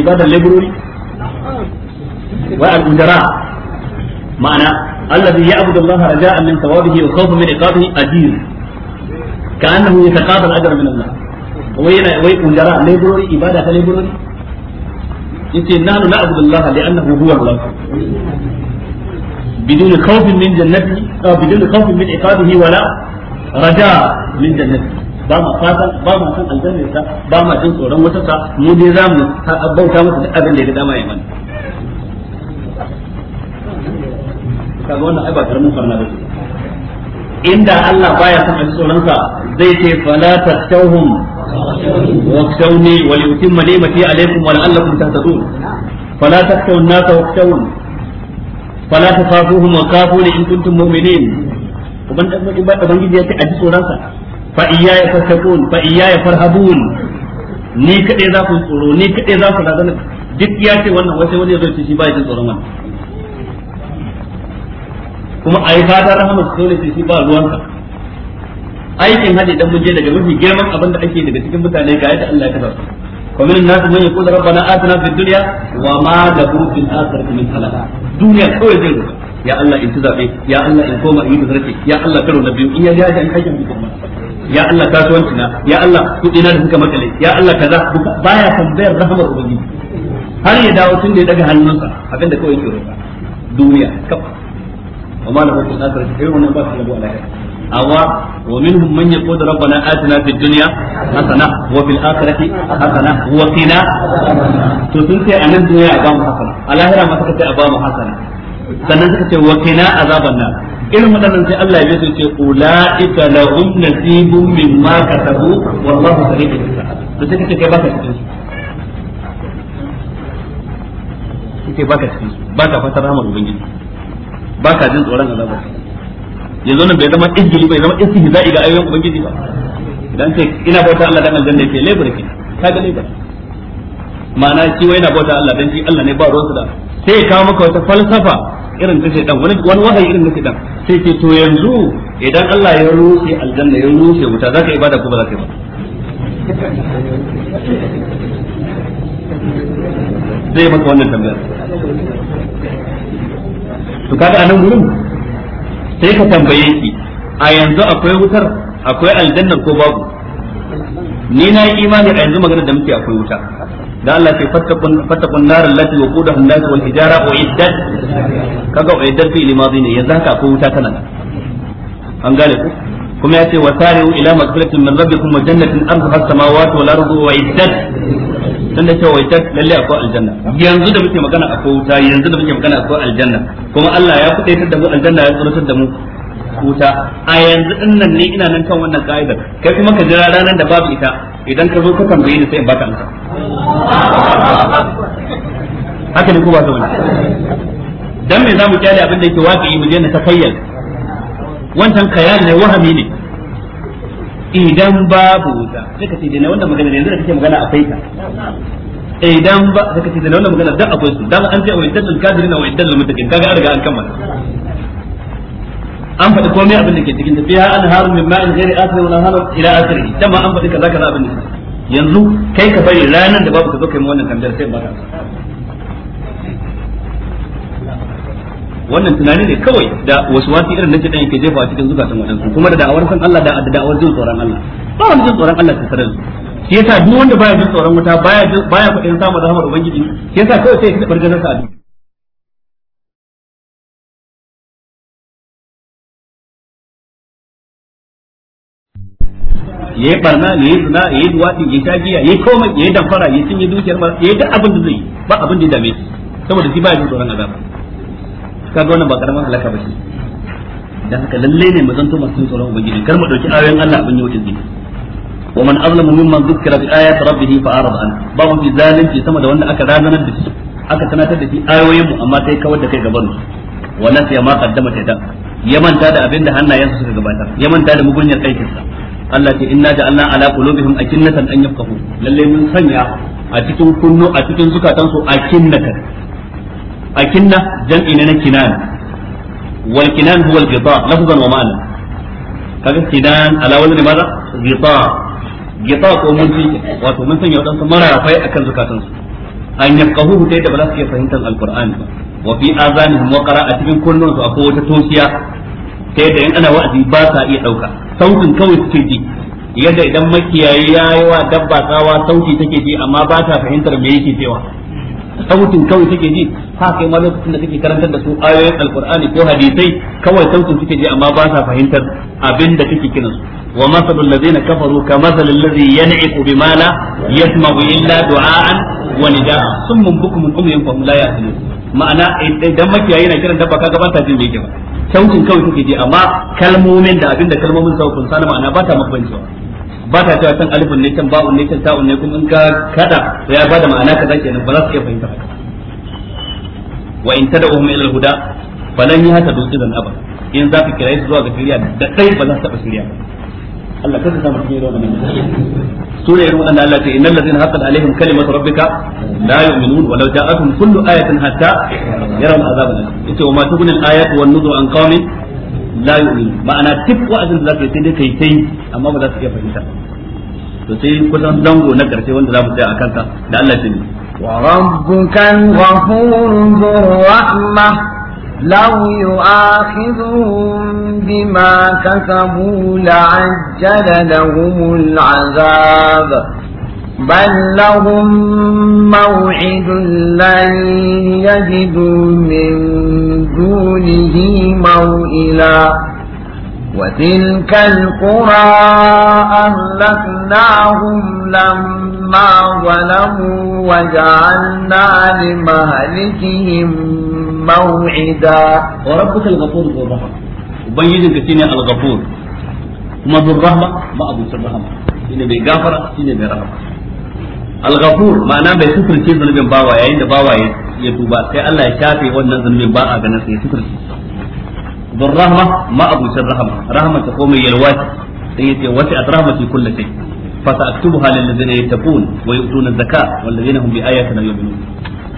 ibadar laborori wa al-ujara ma'ana alladhi ya'budu Allah raja'an min thawabihi wa khawfan min iqabihi ajir ka'annahu yataqabal ajra min Allah wai yana wai ujara laborori ibada ta laborori yace بدون خوف من جنته أو بدون خوف من عقابه ولا رجاء من جنته ba ma fatan ba ma san aljannar ta ba ma jin tsoron wata ta mu dai za mu bauta musu duk abin da ya dama ya mana kaga wannan ai ba karamin farna ba inda Allah baya san a ji tsoronsa zai ce fala tashawhum wa khawni wa yutimma ni'mati alaykum wa la'allakum tahtadun fala tashawun nasa wa khawun fala takhafuhum wa kafuni in kuntum mu'minin ubangiji ya ce a ji tsoronsa fa iyaya fattaqun fa iyaya farhabun ni kadai za ku tsoro ni kadai za ku razana duk ya ce wannan wai sai wani ya zo shi ba ya jin tsoron wannan kuma a yi fata rahamar sole sai shi ba ruwanka aikin dan muje daga mafi girman abin da ake daga cikin mutane ga yadda Allah ya kula rabbana atina fid dunya wa ma da bukin asarti min halaka duniya kawai ya Allah in ya Allah in koma zarki ya Allah karo na in ya an kaje mutum ya Allah ya Allah da kuka makale ya Allah kaza baya har ya dawo tun da daga hannunsa abinda وما له في الآخرة خير ومن باس له الآخرة أو ومنهم من يقول ربنا آتنا في الدنيا حسنة وفي الآخرة حسنة وقنا تسنتي أن الدنيا أبام حسنة الآخرة ما تكتي أبام حسنة sannan suka ce wakina azaban irin waɗannan sai Allah ya ce ulaika lahum nasibun mimma kasabu wallahu sari'ul hisab sai kace kai baka cikin su kace baka cikin su baka fatar rahmar ubangiji ba ka jin tsoron azabar yanzu nan bai zama izgili bai zama za'i ga ayoyin ubangiji ba idan kai ina bauta Allah dan aljanna ke lebur ki ka ga lebur ma'ana shi wai ina bauta Allah dan shi Allah ne ba ruwansa da sai ya kawo maka wata falsafa irin ta shaidan wani wani wahayi irin na shaidan sai ce to yanzu idan Allah ya rushe aljanna ya rushe wuta zaka ibada ko ba zaka yi ba zai maka wannan tambayar to kaga anan gurin sai ka tambaye shi a yanzu akwai wutar akwai aljanna ko babu ni na yi imani a yanzu magana da muke akwai wuta da Allah ke fattakun narin lati wa kudu hundas wal hijara wa iddat kaga wa iddat fi limazi ne yanzu haka akwai wuta kana an gane ku kuma ya ce wa sari'u ila magfiratin min rabbikum wa jannatin arduha as-samawati wal ardu wa iddat tunda cewa wai tak lalle akwai aljanna yanzu da muke magana akwai wuta yanzu da muke magana akwai aljanna kuma Allah ya kudaitar da mu aljanna ya tsoratar da mu wuta a yanzu din nan ne ina nan kan wannan ka'idar kai kuma ka jira ranar da babu ita idan ka zo ka tambaye ni sai in baka amsa haka ne ko ba zama dan me zamu kyale abin da yake waƙi mu je na takayyal wancan kayal ne wahami ne idan babu wuta sai ce da wannan magana yanzu da kake magana akwai ta idan ba sai ka ce da wannan magana dan akwai su dan an ce wa iddal kafirin wa iddal mutakin kaga an riga an kammala an faɗi komai abin da ke cikin ta fiha haru min ma'in ghairi asirin wa anharu ila asirin dan ma an faɗi kaza kaza abin da yanzu kai ka bari ranar da babu ka zo kai mu wannan tambayar sai ba wannan tunani ne kawai da wasu wasu irin na shedan yake jefa cikin zukatan wadansu kuma da da'awar san Allah da da'awar jin tsoron Allah ba wani jin tsoron Allah ta sarar shi yasa duk wanda baya jin tsoron wuta baya baya kudin samun rahmar ubangiji shi yasa kawai sai ya bargazar sa a duniya ya yi barna ya yi zina ya yi duwatsi ya sha giya ya yi komai ya yi damfara ya cinye dukiyar mara ya yi duk abin da zai yi ba abin da ya dame shi saboda shi ba ya jin tsoron azaba kaga wannan ba karaman halaka ba ce dan haka lalle ne mu zanto masu tsoron ubangiji kar mu dauki ayoyin Allah abin yi wuce zai wa man azlamu mimman dhukira bi ayati rabbih fa arada an babu bi zalunci sama da wanda aka ranar da shi aka sanatar da shi ayoyin mu amma sai kawar da kai gaban su wa nasiya ma qaddama ta ya manta da abin da hannayensa suka gabatar ya manta da mugunyar aikinsa Allah ce inna ja'alna ala qulubihim akinnatan an yafqahu lalle mun sanya a cikin kunnu a cikin zukatansu akinnatan akinna jam'i ne kinan wal kinan huwa al ghita lafzan wa ma'ana kaga kinan ala wazni maza ghita ghita ko mun ci wato mun sanya wadansu marafai akan zukatan su an yafqahu dai da ba iya fahimtar alqur'ani ba wa fi azanihim wa qira'atihim kullun su akwai wata tosiya ta yadda in ana wa'azi ba sa iya ɗauka. sautin kawai suke ji yadda idan makiyayi dabba sauti take ji amma ba ta fahimtar me yake cewa sautin kawai suke ji ha kai ma lokacin da kake karantar da su ayoyin alqur'ani ko hadisai kawai sautin suke ji amma ba sa fahimtar abin da kake kiran su wa masalul ladzina kafaru ka masalul ladzi yan'iqu bima la yasma'u illa du'aan wa nida'a summun bukumun umyun fa hum la ya'qilun ma'ana idan eh, eh, makiyayi na kiran dabba kaga ba ta jin me yake ba sautin kawai suke ji amma kalmomin da abin da kalmomin sautin sana ma'ana ba ta mabancewa ba ta cewa can alifun ne can ba'un ne can ta'un ne kuma in ka kada to ya bada ma'ana kaza kenan ba za su iya fahimta haka wa in tad'uhum ila al-huda falan yahtadu idan naba in za ka kira su zuwa ga shirya da kai ba za su taɓa shirya Allah kada samu cikin ruwan nan sura irin wannan Allah ta innal ladzina haqqat alaihim kalimatu rabbika la yu'minun walau ja'atuhum kullu ayatin hatta yarawul azab yace wa ma tughni al-ayatu wan nuzur an qaumin la yu'min ma'ana duk wa'azin da zaka yi sai dai kai kai amma ba za su iya fahimta to sai kusan zango na karshe wanda za mu tsaya a ka da Allah ya وربك الغفور ذو الرحمة لو يؤاخذهم بما كسبوا لعجل لهم العذاب بل لهم موعد لن يجدوا من دونه موئلا وتلك القرى أهلكناهم لما ظلموا وجعلنا لمهلكهم موعدا وربك الغفور ذو الرحمة وبينك شنو الغفور ما ذو الرحمة ما أبو rahama shine mai gafara shine mai al-ghafur ma'ana bai sufurce zunubin bawa yayin da bawa ya tuba sai Allah ya shafe wannan zunubin ba a ganin sai sufurce don rahma ma abucin rahma rahma ta komai yalwa sai yace at rahmati kullu shay fa lil yattaqun wa yu'tuna wal hum bi ayatina yu'minun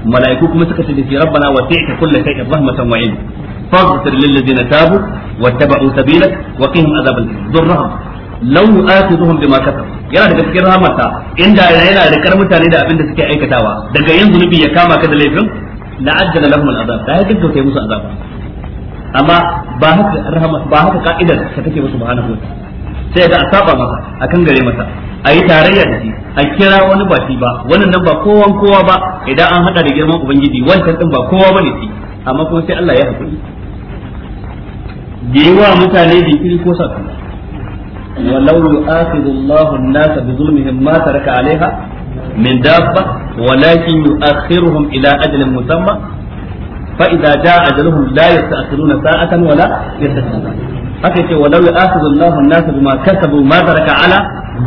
mala'iku kuma suka ce dace rabbana wasi'ta kullu shay'in rahmatan wa ilma lil tabu sabilak wa qihim law yu'akhidhuhum bima kasabu yana daga cikin rahmata inda yana da rikar mutane da abin da suke aikatawa daga yin zunubi ya kama ka da laifin la ajjala lahum al'azab da ya gaggauta musu azab amma ba haka rahama ba haka ka'idar ta take musu subhanahu wa sai ga asaba masa akan gare masa a yi tarayya da shi a kira wani ba shi ba wannan nan ba kowan kowa ba idan an hada da girman ubangiji wancan din ba kowa bane shi amma kuma sai Allah ya hakuri yi wa mutane jinkiri ko sakon ولو يؤاخذ الله الناس بظلمهم ما ترك عليها من دابة ولكن يؤخرهم إلى أجل مسمى فإذا جاء أجلهم لا يستأخرون ساعة ولا يستأخرون أكيد ولو يؤاخذ الله الناس بما كسبوا ما ترك على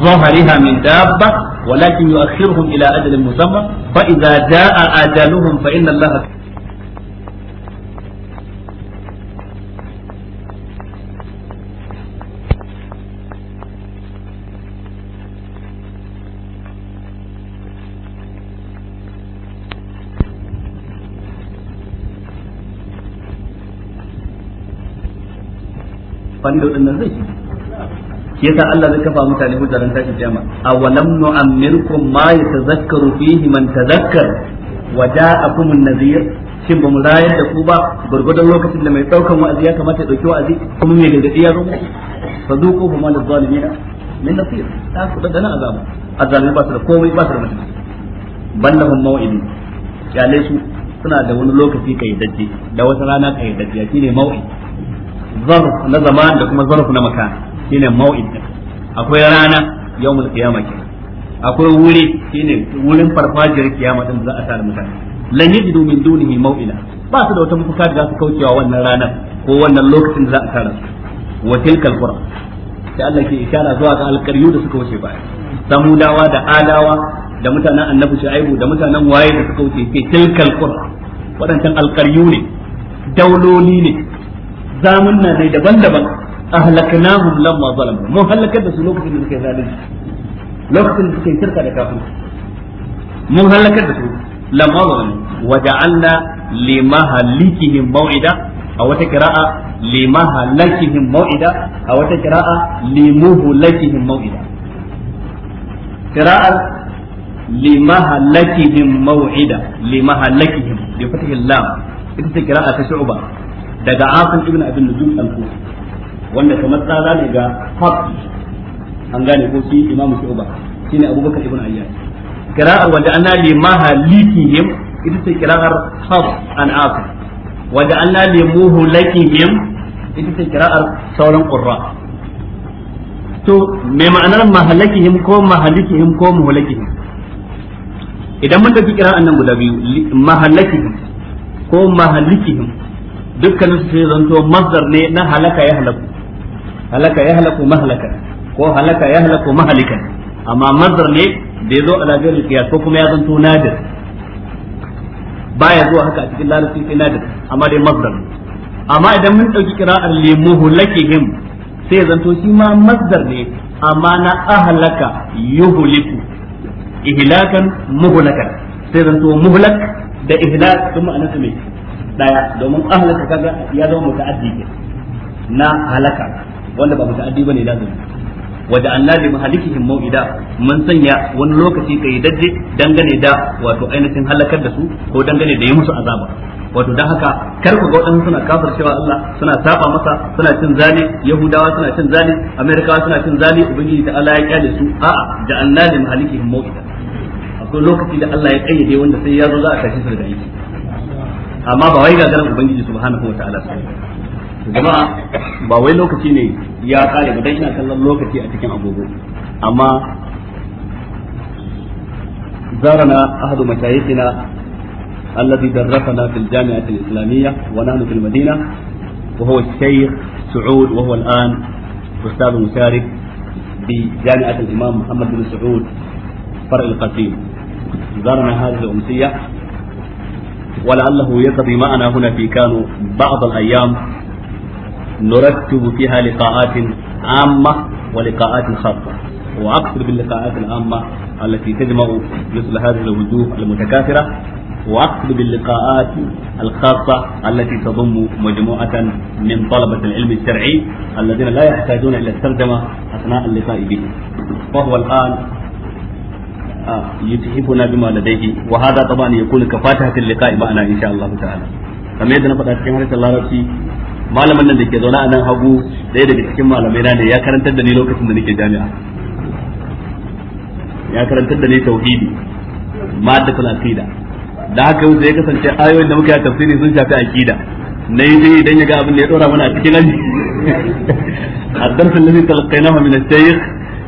ظهرها من دابة ولكن يؤخرهم إلى أجل مسمى فإذا جاء أجلهم فإن الله amfani da waɗannan zai shi yasa Allah zai kafa mutane hujjaran tashin kiyama awalam nu'ammirkum ma yatazakkaru fihi man tazakkar wa ja'akum an-nadhir shin bamu mu rayar da ku ba gurgudan lokacin da mai daukan wa'azi ya kamata ya dauki wa'azi kuma mai gargadi ya zo fa zuqu huma lidh-dhalimin min nasir ta ku dadana azabu azabu ba su da komai ba su da mutum ballahum maw'idi Ya su suna da wani lokaci kai dajje da wata rana kai dajje shine maw'idi zarf na zaman da kuma zarf na makan shine mau'id akwai rana yawmul qiyama ke akwai wuri shine wurin farfajiyar kiyama din za a tare mutane lan yajidu min dunihi mau'ila ba su da wata mafuka da za su kaucewa wannan ranar ko wannan lokacin za a tare su wa tilkal qura sai Allah ke ishara zuwa ga alqaryu da suka wuce baya samudawa da adawa da mutanen annabi shu'aibu da mutanen waye da suka wuce ke tilkal qura waɗancan alqaryu ne dauloli ne zamunna dai daban-daban ahlaknahum lamma zalamu mun halakar da su lokacin da zalunci lokacin da shirka da mun halakar da su lamma zalamu wa ja'alna limahalikihim maw'ida a wata kira'a limahalakihim maw'ida a wata kira'a limuhulakihim maw'ida limahalakihim maw'ida limahalakihim bi fathil lam ita kira'a ta shu'ba daga Asan ibn abin nuzul al-kufi wanda kamar tsara ne ga hafi an gane ko shi imamu shu'ba shine abubakar ibn ayyan qira'ar wanda anna li mahalikihim ita ce qira'ar haf an asim wanda anna li muhlakihim ita ce qira'ar sauran qurra to me ma'anar mahalikihim ko mahalikihim ko muhlakihim idan mun dauki qira'an nan guda biyu mahalikihim ko mahalikihim dukkanin su sai zanto masdar ne na halaka ya halaku halaka ya halaku mahalaka ko halaka ya halaku mahalika amma masdar ne da ya zo a lafiyar qiyas ko kuma ya zanto nadir baya zuwa haka a cikin larabci sai nadir amma dai masdar amma idan mun dauki qira'ar limuhlakihim sai zanto shi ma masdar ne amma na ahlaka yuhliku ihlakan muhlakan sai zanto muhlak da ihlak kuma anasa mai daya domin ahlaka kaga ya zama muta'addi ke na halaka wanda ba muta'addi bane da zai waje Allah bi mahalikihim mawida mun sanya wani lokaci kai dadde dangane da wato ainihin halakar da su ko dangane da yi musu azaba wato dan haka kar ku ga waɗansu suna kafir cewa Allah suna saba masa suna cin zali yahudawa suna cin zali amerikawa suna cin zali ubangiji ta Allah ya kyale su a'a da Allah li mahalikihim mawida akwai lokaci da Allah ya kayyade wanda sai ya zo za a tashi su daga yake amma ba wai gagarin ubangiji subhanahu wa ta'ala jama'a ba wai lokaci ne ya kare ba dan ina kallon lokaci a cikin agogo amma زارنا أحد مشايخنا الذي درسنا في الجامعة الإسلامية ونحن في المدينة وهو الشيخ سعود وهو الآن أستاذ مشارك بجامعة الإمام محمد بن سعود فرع القصيم زارنا هذه الأمسية ولعله يقضي معنا هنا في كانو بعض الأيام نرتب فيها لقاءات عامة ولقاءات خاصة وأقصد باللقاءات العامة التي تجمع مثل هذه الوجوه المتكاثرة وأقصد باللقاءات الخاصة التي تضم مجموعة من طلبة العلم الشرعي الذين لا يحتاجون إلى الترجمة أثناء اللقاء به وهو الآن yutihifuna bima ladayhi wa hadha taban yakunu ka fatahatil liqa'i ma'ana insha Allah ta'ala kamar yadda na faɗa cikin harshen larabci malamin nan da ke zaune a nan hagu ɗaya daga cikin malamai na ne ya karantar da ni lokacin da nake jami'a ya karantar da ni tauhidi ma'adatul aqida da haka yau ya kasance ayoyin da muka yi tafsiri sun shafi aqida na yi dai idan ya ga abin da ya dora mana a cikin aji a darsin lafi talakainahu min al-shaykh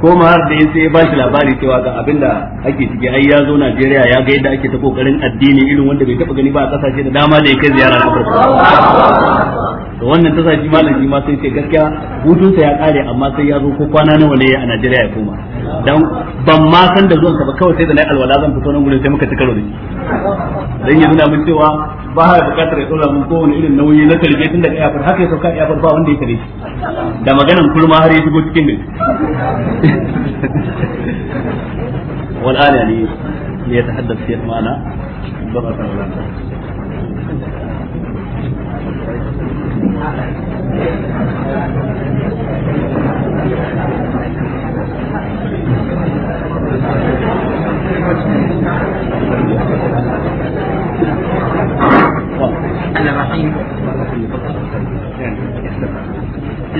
ko ma har da yace ya shi labari cewa ga abin da ake ciki ai ya zo Najeriya ya ga yadda ake ta kokarin addini irin wanda bai taba gani ba a kasashe da dama da ya kai ziyara Afirka to wannan ta saki malami ma sai ce gaskiya hutunsa ya kare amma sai ya zo ko kwana nawa ne a Najeriya ya koma dan ban ma san da sa ba kawai sai da nayi alwala zan fito nan gurin sai muka ci karo da shi dan yanzu na mun cewa ba ya bukatar ya dora mun kowane irin nauyi na tarbe tun daga iyafar haka ya sauka iyafar ba wanda ya tare da maganan kurma har ya shigo cikin ne wal ne ya tahaddath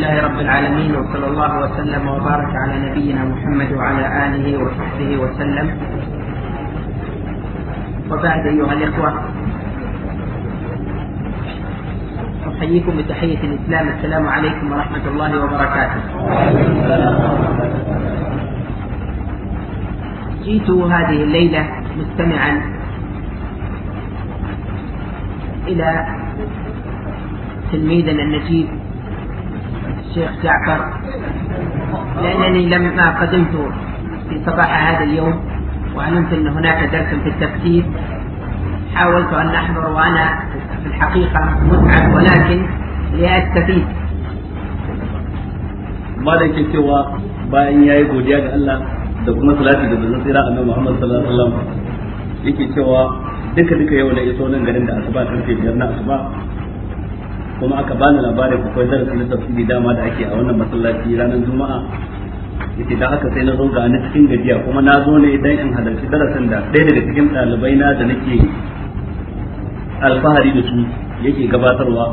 لله رب العالمين وصلى الله وسلم وبارك على نبينا محمد وعلى آله وصحبه وسلم وبعد أيها الإخوة أحييكم بتحية الإسلام السلام عليكم ورحمة الله وبركاته جئت هذه الليلة مستمعا إلى تلميذنا النجيب شيخ جعفر لأنني لما قدمت في صباح هذا اليوم وعلمت أن هناك درس في التفسير حاولت أن أحضر وأنا في الحقيقة متعب ولكن لأستفيد malam ke cewa bayan ya yi godiya ga Allah da kuma salati da zan tsira annabi Muhammad sallallahu alaihi wasallam yake cewa duka duka yau na iso nan garin da asuba karfe biyar na asuba kuma aka bani labarin akwai darasi na tafsiri dama da ake a wannan masallaci ranar juma'a yake da haka sai na zo ga ni cikin gajiya kuma na zo ne dan in halarci darasin da ɗaya daga cikin ɗalibai na da nake alfahari da su yake gabatarwa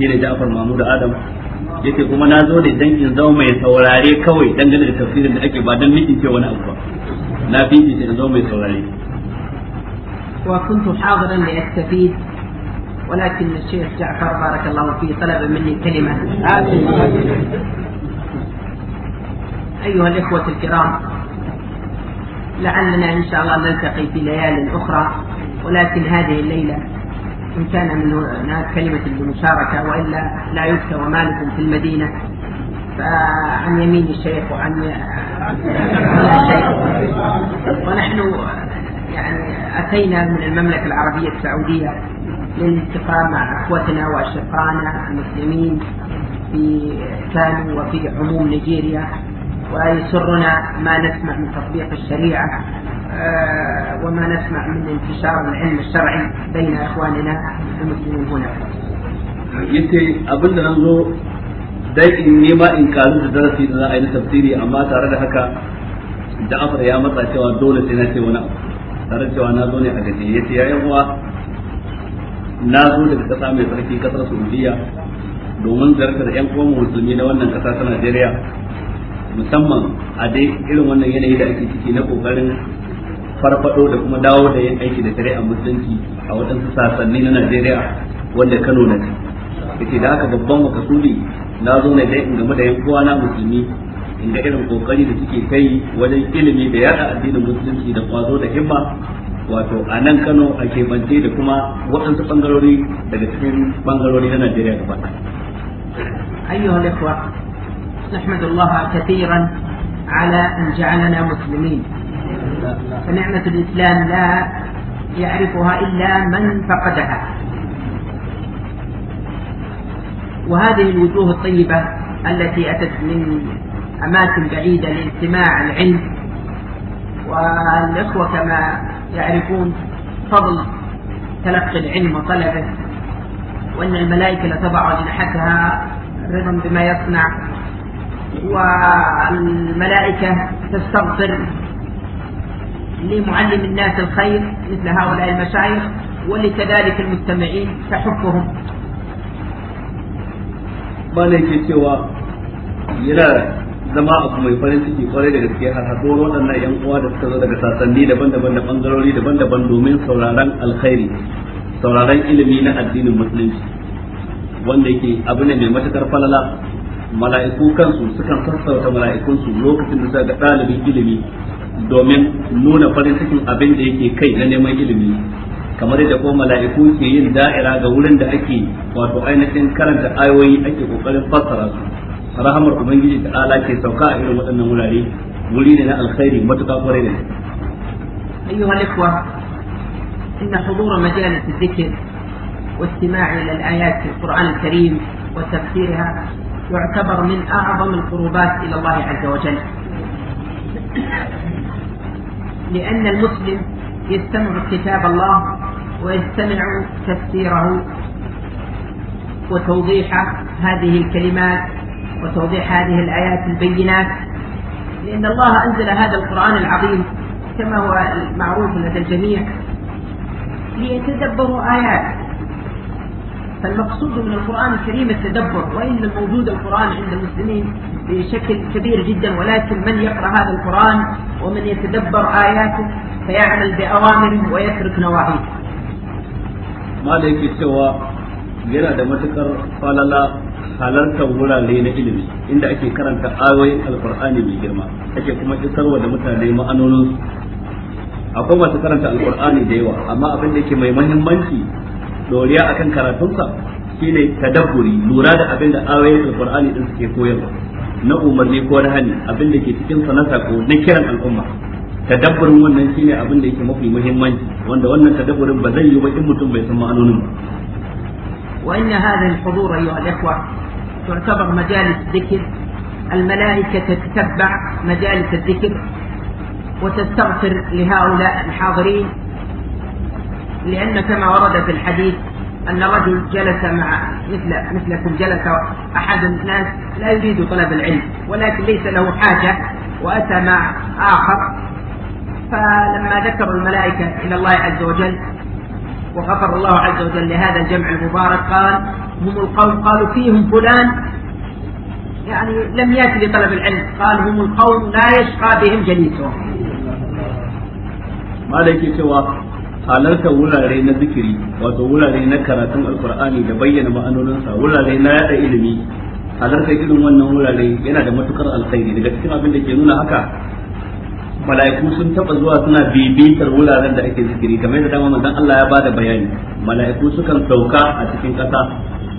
shine Ja'far Mahmud Adam yake kuma na zo ne dan in zama mai saurare kawai dangane da tafsirin da ake ba dan nake ce wani abu ba na fi ce in zama mai saurare wa kuntu hadiran da yastafid ولكن الشيخ جعفر بارك الله فيه طلب مني كلمة أيها الإخوة الكرام لعلنا إن شاء الله نلتقي في ليال أخرى ولكن هذه الليلة إن كان من هناك كلمة المشاركة وإلا لا يكثر مالكم في المدينة فعن يمين الشيخ وعن الشيخ ونحن يعني أتينا من المملكة العربية السعودية للالتقاء مع اخوتنا واشقائنا المسلمين في كان وفي عموم نيجيريا ويسرنا ما نسمع من تطبيق الشريعه آه، وما نسمع من انتشار العلم الشرعي بين اخواننا المسلمين هنا. dai in ne in kazu da darasi da za a yi na tafsiri amma tare da haka da afar ya matsa cewa dole sai na ce wani tare cewa na zo ne a gaje ya ce ya na zo daga kasa mai tsarki kasar Saudiya domin zartar yan uwan musulmi na wannan kasa ta Najeriya musamman a dai irin wannan yanayi da ake ciki na kokarin farfado da kuma dawo da yin aiki da shari'a musulunci a waɗansu sasanni na Najeriya wanda Kano na yake da aka babban makasudi na zo na dai in game da yan uwa na musulmi in ga irin kokari da suke kai wajen ilimi da yada addinin musulunci da kwazo da himma wato a nan kano a keɓance da kuma waɗansu ɓangarori daga cikin ɓangarori na najeriya gaba أيها الإخوة نحمد الله كثيرا على أن جعلنا مسلمين فنعمة الإسلام لا يعرفها إلا من فقدها وهذه الوجوه الطيبة التي أتت من أماكن بعيدة لاستماع العلم والإخوة كما يعرفون فضل تلقي العلم وطلبه وأن الملائكة لتضع أجنحتها رضا بما يصنع والملائكة تستغفر لمعلم الناس الخير مثل هؤلاء المشايخ ولكذلك المستمعين تحفهم ما سوى yana zama abu mai farin ciki kwarai da gaske har haɗo waɗannan yan uwa da suka zo daga sasanni daban-daban da bangarori daban-daban domin sauraron alkhairi sauraron ilimi na addinin musulunci wanda yake abu ne mai matukar falala mala'iku kansu sukan sassauta mala'ikunsu lokacin da suka ga ɗalibin ilimi domin nuna farin cikin abin da yake kai na neman ilimi kamar yadda ko mala'iku ke yin da'ira ga wurin da ake wato ainihin karanta ayoyi ake kokarin fassara su rahamar ubangiji ta ala ke sauka a irin waɗannan wurare wuri ne na alkhairi matuƙa kwarai da أيها الإخوة إن حضور مجالس الذكر واستماع إلى الآيات في القرآن الكريم وتفسيرها يعتبر من أعظم القربات إلى الله عز وجل لأن المسلم يستمع كتاب الله ويستمع تفسيره وتوضيح هذه الكلمات وتوضيح هذه الآيات البينات لأن الله أنزل هذا القرآن العظيم كما هو معروف لدى الجميع ليتدبروا آيات فالمقصود من القرآن الكريم التدبر وإن موجود القرآن عند المسلمين بشكل كبير جدا ولكن من يقرأ هذا القرآن ومن يتدبر آياته فيعمل بأوامره ويترك نواهيه ما لك سوى yana da قال falala halartar wurare na ilimi inda ake karanta ayoyin alkur'ani mai girma ake kuma isarwa da mutane ma'anonin akwai masu karanta alkur'ani da yawa amma abin da ke mai mahimmanci doriya akan karatunsa shine tadabburi lura da abin da ayoyin alkur'ani din suke koyarwa na umarni ko na hani abin da ke cikin sanata ko na kiran al'umma tadabburin wannan shine abin da yake mafi muhimmanci wanda wannan tadabburin ba zai yi ba in mutum bai san ma'anonin ba وإن هذا الحضور أيها الإخوة تعتبر مجالس ذكر الملائكة تتبع مجالس الذكر وتستغفر لهؤلاء الحاضرين لأن كما ورد في الحديث أن رجل جلس مع مثل مثلكم جلس أحد الناس لا يريد طلب العلم ولكن ليس له حاجة وأتى مع آخر فلما ذكروا الملائكة إلى الله عز وجل وغفر الله عز وجل لهذا الجمع المبارك قال هم القوم قالوا فيهم فلان يعني لم يأتي لطلب العلم قال هم القوم لا يشقى بهم جليسهم ما لك سوى halarta wurare na zikiri wato wurare na karatun alkur'ani da bayyana ma'anoninsa wurare na yada ilimi halarta irin wannan wurare yana da matukar alkhairi daga cikin abin da ke nuna haka mala'iku sun taba zuwa suna bibitar wuraren da ake zikiri kamar yadda dama manzon Allah ya bada bayani mala'iku sukan sauka a cikin kasa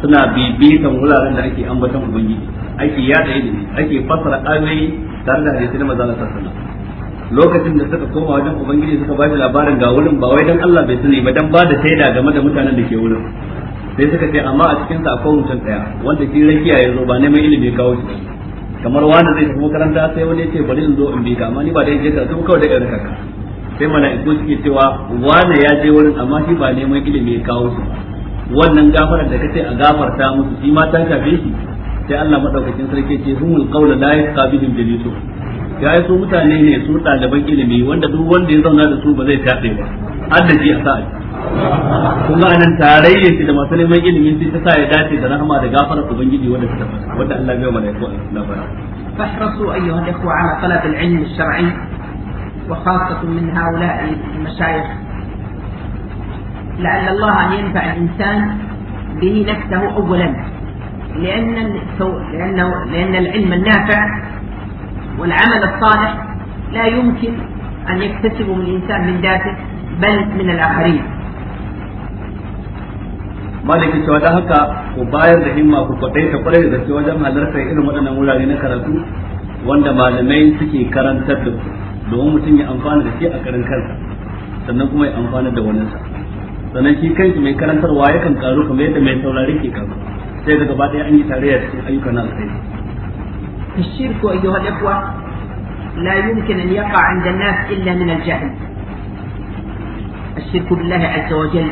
suna bibitan wuraren da ake ambaton ubangiji ake yada ilimi ake fasara ayoyi tare da hadisi na manzon sassana lokacin da suka koma wajen ubangiji suka bada labarin ga wurin ba wai dan Allah bai sani ba dan bada da shaida game da mutanen da ke wurin sai suka ce amma a cikin sa akwai mutum daya wanda shi rakiya a ba neman ilimi kawo shi kamar wanda zai tafi makaranta sai wani ya ce bari in zo in bi ka amma ni ba dai je ka zo kawai da irin kaka sai mala'iku suke cewa wani ya je wurin amma shi ba neman ilimi kawo shi wannan gafarar da kace a gafarta musu shi ma ta shafe shi sai Allah madaukakin sarki ce humul qawla la yaqabilun jalisu ya yi su mutane ne su ɗaliban ilimi wanda duk wanda ya zauna da su ba zai tafe ba Allah addaji a sa'a kuma anan tarayya shi da masu neman ilimi sai ta sa ya dace da rahama da gafarar ubangiji wanda ta tabbata wanda Allah ya malaiku na bara فاحرصوا أيها الإخوة على طلب العلم الشرعي وخاصة من هؤلاء المشايخ لعل الله أن ينفع الإنسان به نفسه أولا لأن لأنه لأن العلم النافع والعمل الصالح لا يمكن أن يكتسبه الإنسان من ذاته بل من الآخرين malaki cewa don haka ku bayar da himma ku kwatai ta kwarai da wajen halartar irin waɗannan wurare na karatu wanda malamai suke karantar da ku domin mutum ya amfana da shi a karan kansa sannan kuma ya amfana da waninsa sannan shi kanshi mai karantarwa yakan karu kamar yadda mai saurari ke karu sai daga gaba ɗaya an yi tarayya cikin ayyukan na alkhairi الشرك أيها الإخوة لا يمكن أن يقع عند الناس إلا من الجهل الشرك بالله عز وجل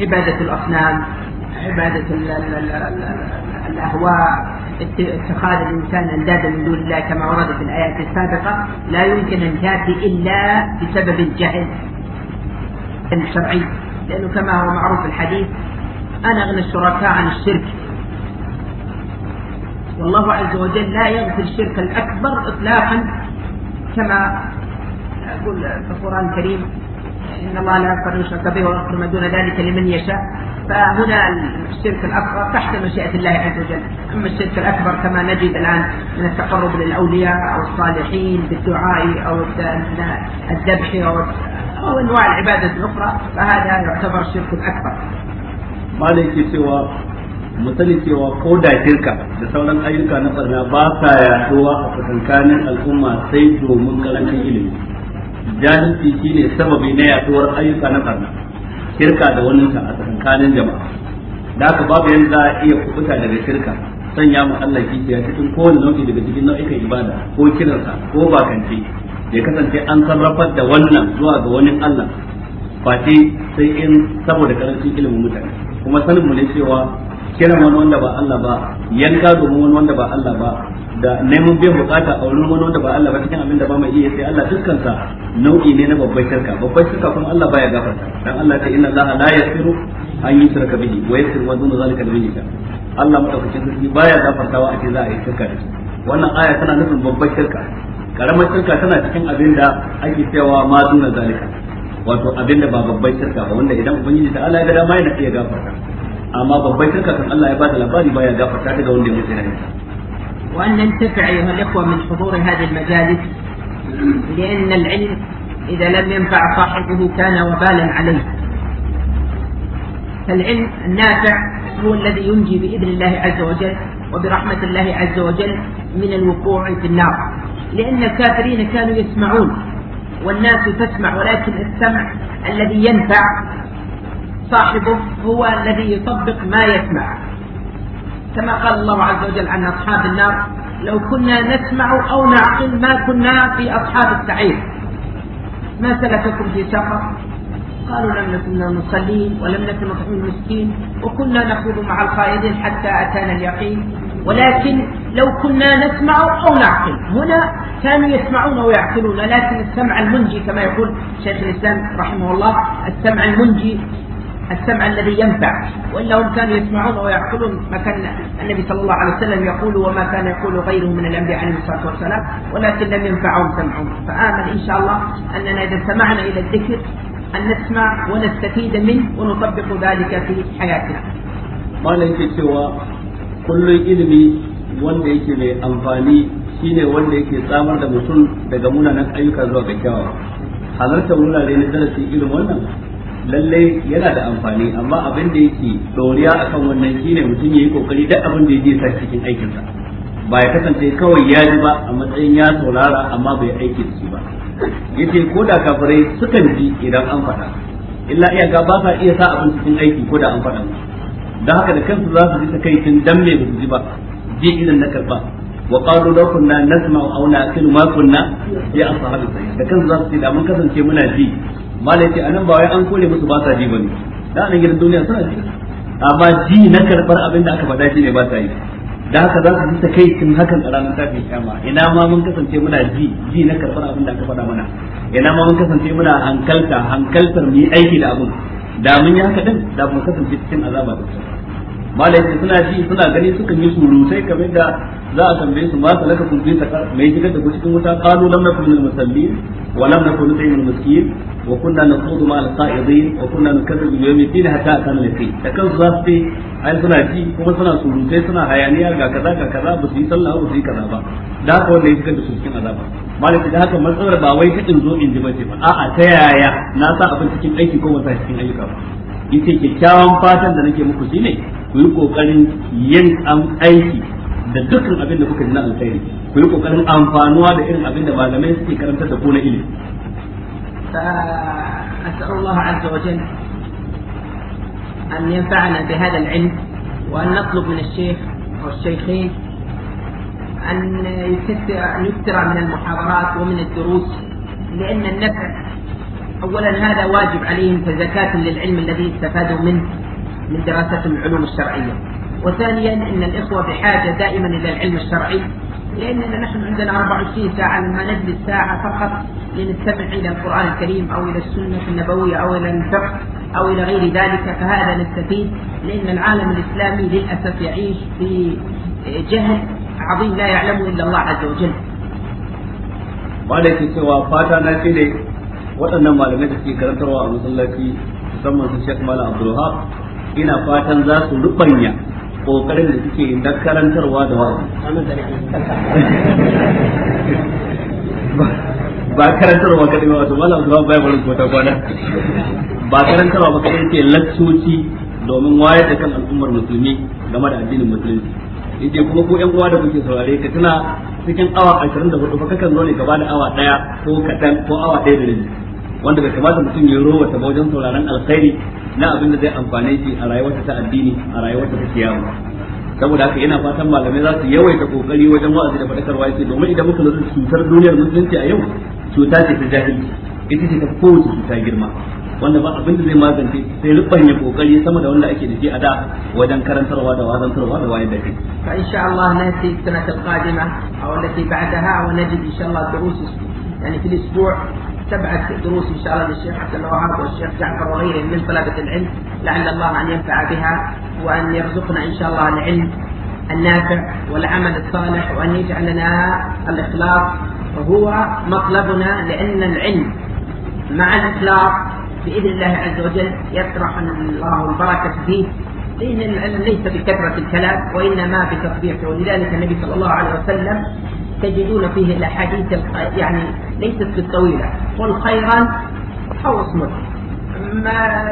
عبادة الأصنام عبادة الأهواء اتخاذ الإنسان أندادا من دون الله كما ورد في الآيات السابقة لا يمكن أن تأتي إلا بسبب الجهل الشرعي لأنه كما هو معروف في الحديث أنا أغنى الشركاء عن الشرك والله عز وجل لا يغفر الشرك الأكبر إطلاقا كما يقول في القرآن الكريم إن الله لا يغفر يشرك به ويغفر ما دون ذلك لمن يشاء فهنا الشرك الأكبر تحت مشيئة الله عز وجل أما الشرك الأكبر كما نجد الآن من التقرب للأولياء أو الصالحين بالدعاء أو الذبح أو أو أنواع العبادة الأخرى فهذا يعتبر شرك أكبر مالك سوى mutane cewa ko da shirka da sauran ayyuka na barna ba sa yaduwa a tsakankanin al'umma sai domin karancin ilimi jahilci ne sababi na yaduwar ayyuka na barna shirka da wannan a tsakankanin jama'a da haka babu yanda za a iya kubuta daga shirka sanya mu Allah kiyaye cikin kowane nau'i daga cikin nau'ikan ibada ko kiransa ko bakance ya kasance an sarrafar da wannan zuwa ga wani Allah face sai in saboda karancin ilimin mutane kuma sanin mu ne cewa kiran wani wanda ba Allah ba yanka domin wani wanda ba Allah ba da neman biyan bukata a wurin wani wanda ba Allah ba cikin abin da ba mai iya sai Allah sa nau'i ne na babbar shirka babbar shirka kuma Allah baya gafarta dan Allah ta inna Allah la yasiru an yi shirka bihi wa yasiru wa dun zalika bihi yasha Allah madaukakin sarki baya gafartawa a ce za a yi shirka da shi wannan aya tana nufin babbar shirka karamar shirka tana cikin abin da ake cewa ma duna zalika wato abin da ba babban shirka ba wanda idan ubangiji ta Allah ya ga dama yana iya gafarta amma babban shirka kan Allah ya bada labari ba ya gafarta daga wanda ya mutu yana وأن ننتفع أيها الإخوة من حضور هذه المجالس لأن العلم إذا لم ينفع صاحبه كان وبالا عليه فالعلم النافع هو الذي ينجي بإذن الله عز وجل وبرحمة الله عز وجل من الوقوع في النار لأن الكافرين كانوا يسمعون والناس تسمع ولكن السمع الذي ينفع صاحبه هو الذي يطبق ما يسمع كما قال الله عز وجل عن أصحاب النار لو كنا نسمع أو نعقل ما كنا في أصحاب السعير ما سلككم في سفر قالوا لم نكن نصلي ولم نكن نطعم المسكين وكنا نخوض مع الخائضين حتى أتانا اليقين ولكن لو كنا نسمع أو نعقل هنا كانوا يسمعون ويعقلون لكن السمع المنجي كما يقول شيخ الإسلام رحمه الله السمع المنجي السمع الذي ينفع والا هم كانوا يسمعون ويعقلون ما كان النبي صلى الله عليه وسلم يقول وما كان يقول غيره من الانبياء عليه الصلاه والسلام ولكن لم ينفعهم سمعهم فامل ان شاء الله اننا اذا استمعنا الى الذكر ان نسمع ونستفيد منه ونطبق ذلك في حياتنا. ما ليس سوى Kullum ilimi wanda yake mai amfani shine wanda yake samar da mutum daga munanan ayyukan zuwa ga kyawawa halarta wurare na darasi irin wannan lallai yana da amfani amma abin da yake doriya akan wannan shine mutum ya yi kokari da abin da ya ya sa cikin aikinsa ba ya kasance kawai ya ji ba a matsayin ya saurara amma bai aiki da shi ba yace ko da kafirai sukan ji idan an faɗa illa iyaka ba sa iya sa abin cikin aiki ko da an faɗa musu da haka da kansu za su ji takaicin dan me ba su ji ba je idan na karba wa qalu law kunna nasma'u aw na'qilu ma kunna ya ashabi da kansu za su ce da mun kasance muna ji malai ce anan ba wai an kore musu ba sa ji bane da anan gidan duniya suna ji amma ji na karbar abin da aka faɗa shi ne ba sa yi da haka za su ji takaicin hakan a ranar tafi kyama ina ma mun kasance muna ji ji na karɓar abin da aka faɗa mana ina ma mun kasance muna hankalta hankaltar mu yi aiki da abin da mun yi haka din da mun kasance cikin azaba da malaikai suna shi suna gani sukan yi surutai kamar da za a tambaye su ma laka kun fi saka mai shigar da cikin wuta kalu lam nakun min musallin wa lam nakun nutayyin muskin wa kunna naqudu ma al qa'idin wa kunna nakadu bi yawmi din hatta kana lafi da kan za su ce ai suna ji kuma suna surutai suna hayaniya ga kaza ga kaza ba su yi sallah ba su yi kaza ba da haka wanda ya shigar da cikin azaba malaka da haka matsalar ba wai kadin zo in ji ba ce ba a'a ta yaya na sa abin cikin aiki ko wata cikin ayyuka ba yace kyakkyawan fatan da nake muku shine ku yi kokarin yin aiki da dukkan abin da kuka ji na alkhairi ku yi kokarin amfanuwa da irin abin da malamai suke karantar da ku na ilimi أسأل الله عز وجل أن ينفعنا بهذا العلم وأن نطلب من الشيخ أو الشيخين أن يكثر من المحاضرات ومن الدروس لأن النفع أولا هذا واجب عليهم كزكاة للعلم الذي استفادوا منه من دراسة العلوم الشرعية وثانيا أن الإخوة بحاجة دائما إلى العلم الشرعي لأننا نحن عندنا 24 ساعة لما نجلس ساعة فقط لنستمع إلى القرآن الكريم أو إلى السنة النبوية أو إلى الفقه أو إلى غير ذلك فهذا نستفيد لأن العالم الإسلامي للأسف يعيش في جهل عظيم لا يعلمه إلا الله عز وجل malaki cewa fata na shi ne waɗannan malamai da suke karantarwa رسول الله musamman su Sheikh مالا عبد الوهاب إنا za ذات rubanya kokarin da suke na karantarwa da wa'azi ba karantarwa kadai ba wato Malam zuwa bai barin kota kwana ba karantarwa ba kadai ke laccoci domin wayar da kan al'ummar musulmi game da addinin musulunci yace kuma ko yan uwa da kuke saurare ka tuna cikin awa 24 fa kakan zo ne gaba da awa daya ko kadan ko awa daya da rabi wanda bai kamata mutum ya rowa ta wajen sauraron alkhairi na abin da zai amfane shi a rayuwar ta addini a rayuwar ta kiyama saboda haka yana fatan malamai za su yawaita kokari wajen wa'azi da fadakarwa yake domin idan muka lura cutar duniyar musulunci a yau cuta ce ta jahilci ita ce ta kowace cuta girma wanda ba abin da zai magance sai rubban ya kokari sama da wanda ake da shi a da wajen karantarwa da wazantarwa da wayar da kai fa insha Allah nati sanat alqadima aw allati ba'daha wa najid insha Allah durus yani fi al-asbu' سبعة دروس إن شاء الله للشيخ عبد الوهاب والشيخ جعفر وغيرهم من طلبة العلم لعل الله أن ينفع بها وأن يرزقنا إن شاء الله العلم النافع والعمل الصالح وأن يجعلنا الإخلاص وهو مطلبنا لأن العلم مع الإخلاص بإذن الله عز وجل يطرح الله البركة فيه لأن العلم ليس بكثرة الكلام وإنما بتطبيقه ولذلك النبي صلى الله عليه وسلم تجدون فيه الأحاديث يعني ليست بالطويلة قل خيرا أو اصمت ما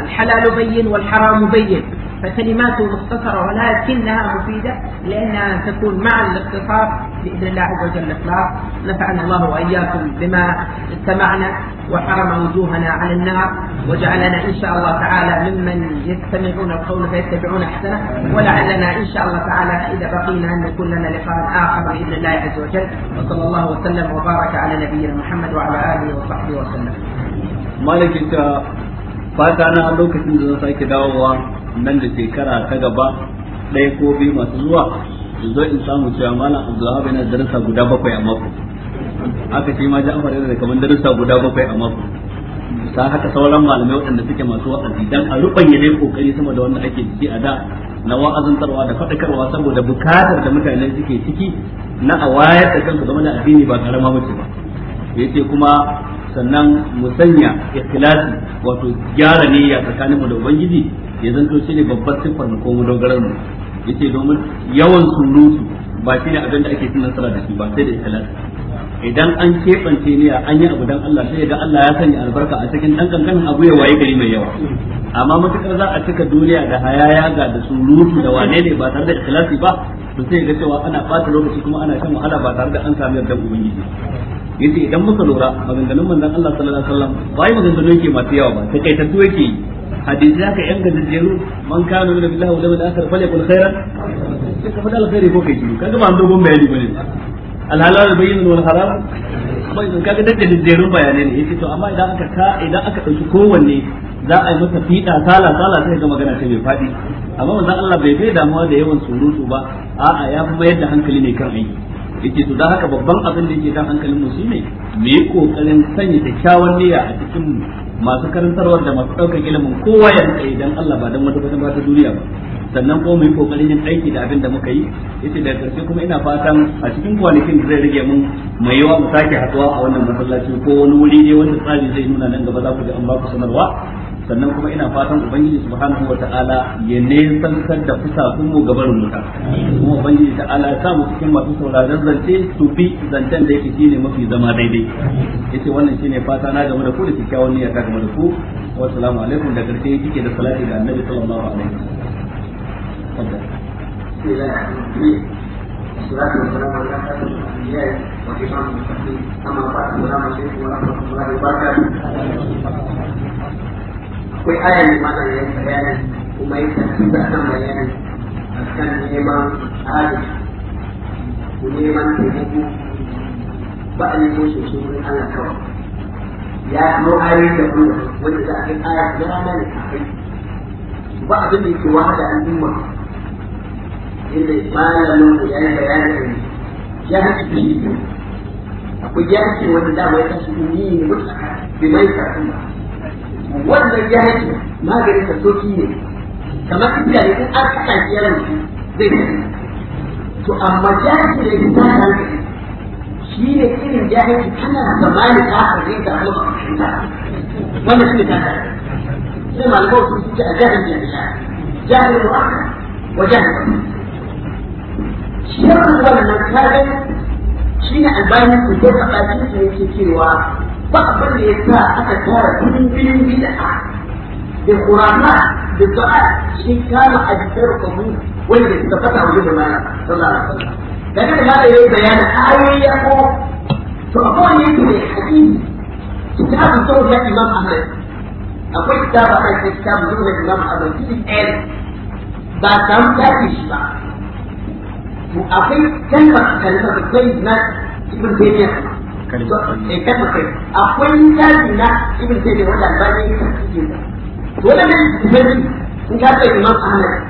الحلال بين والحرام بين فكلماته مختصرة ولكنها مفيدة لأنها تكون مع الاختصار باذن الله عز وجل الاخلاق نفعنا الله واياكم بما استمعنا وحرم وجوهنا على النار وجعلنا ان شاء الله تعالى ممن يستمعون القول فيتبعون احسنه ولعلنا ان شاء الله تعالى اذا بقينا ان يكون لنا لقاء اخر باذن الله عز وجل وصلى الله وسلم وبارك على نبينا محمد وعلى اله وصحبه وسلم. مالك انت فاتنا لوكتين da sake دعوه من da shekara ta gaba ɗaya ko zo in samu cewa malam abdullahi na darasa guda bakwai a mako haka shi ma ja'far yana da kamar darasa guda bakwai a mako ta haka sauran malamai waɗanda suke masu wa'azi dan a rubanya ne kokari sama da wanda ake ciki a da na wa'azantarwa da faɗakarwa saboda bukatar da mutane suke ciki na a wayar da kansu game da addini ba karama mace ba yace kuma sannan mu sanya ikhlasi wato gyara niyya tsakanin mu da ubangiji ya zanto shine babbar siffar mu ko mu dogarar mu yace domin yawan sunnusu ba shi ne abinda ake cin nasara da shi ba sai da ikhlas idan an kebance niyya an yi abu dan Allah sai ga Allah ya sanya albarka a cikin dan kankanin abu ya waye gari mai yawa amma mutakar za a cika duniya da hayaya ga da sunnusu da wane ne ba tare da ikhlasi ba to sai ga cewa ana fata lokaci kuma ana shan wahala ba tare da an sami yardan ubangiji yace idan muka lura maganganun manzon Allah sallallahu alaihi wasallam bai maganganun yake masu yawa ba ta yake yi hadisi haka yan gajejjeru man kana bayanai ne yace to amma idan aka ka kowanne za a yi masa fiɗa sala sala sai mai faɗi amma manzon Allah bai bai damuwa da yawan surutu ba a'a ya fi mayar da hankali ne kan aiki yake to dan haka babban abin da yake kan hankalin mu shine me yi kokarin sanya kyakkyawan niyya a cikin masu karantarwar da masu daukar ilimin kowa ya rika idan Allah ba dan wata ba ta duniya ba sannan kuma mu yi kokarin yin aiki da abin da muka yi yace da karshe kuma ina fatan a cikin kwanakin da zai rage mun mai yawa mu sake haɗuwa a wannan masallaci ko wani wuri ne wanda tsari zai nuna nan gaba za ku ji an ba ku sanarwa sannan kuma ina fatan ubangiji subhanahu wata'ala ya nesantar da fusakun mu gabarin muta kuma ubangiji ta'ala ya samu cikin masu sauraron zance su bi zancen da yake shine mafi zama daidai yace wannan shine fata na game da ku da kikkiawan niyya ta game da ku wa assalamu alaikum da karshe kike da salati ga annabi sallallahu alaihi wasallam والصلاة والسلام على أشرف الأنبياء وإمام المرسلين أما بعد السلام عليكم ورحمة الله وبركاته akwai ayan da malam ya bayanan kuma ya tafi da kan a akan neman adalci ku neman taimako ba a nemo shi su wurin Allah kawai ya zo ayoyi da kuma wanda za a yi aya da rana da kafai ba abin da yake wahala al'umma inda malamin ku ya yi bayanin jahilci shi akwai jahilci wanda dama ya tashi ne mutu bi mai kafin ba wannan yaki maganin da soki ne kamar tafiya ne in an saka shi yaran zai to amma jahilci da ke tana shi ne irin tana da zamani ta harbe ka kuma wannan shi ne tana sai malamau sun ce a jahilci da shi jahilci wa wajen shi ne wannan kagan shi ne albanin su ko faɗa cikin yake cewa ba abin da ya sa aka tara dubbin filin bid'a da kurana da sa'a shi kama a jikin kwamu wanda ya fata a wajen da mana sallallahu alaihi wasallam daga da mana yayi bayanin ayoyi ya ko to akwai ne ne hadisi kitabun sau ya imam ahmad akwai kitabun da ke kitabun sauri ya imam ahmad shi ɗaya ba samu tafi shi ba akwai kalmar kalmar kai na ibn taymiyyah akwai misali na ibn sai da wanda ba ne ne in ka ce imam ahmad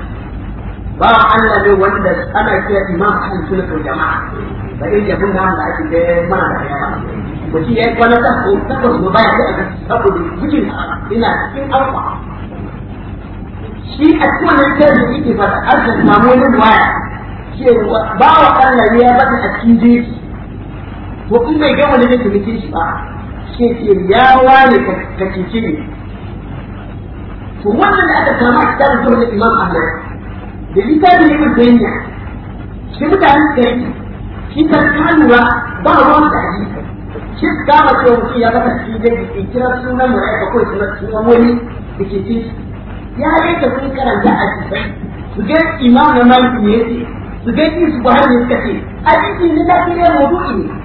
ba Allah ne wanda ana imam ahmad ko jama'a ba irin jabun da Allah ake da mana da yawa ko shi yayi kwana ta ko ta ko ba ya da ina cikin alfa shi a cikin wannan yake fara wani waya ba Allah ya bada a cikin jiki ko kun bai gama da nake cikin shi ba shi ke ya ware ka cikin ne to wannan da aka kama a cikin zuwa da imam ahmad da littafin ibn taymiya shi mutane da gari shi ta kanuwa ba ruwan da hadisi shi kama ce mutum ya maka shi da ke kira sunan mala'ika ko sunan sunan wani da ke cikin ya yi rika kun karanta a cikin su ga imam na maliki ne su ga su ba har ne suka ce a cikin littafin ya maudu'i ne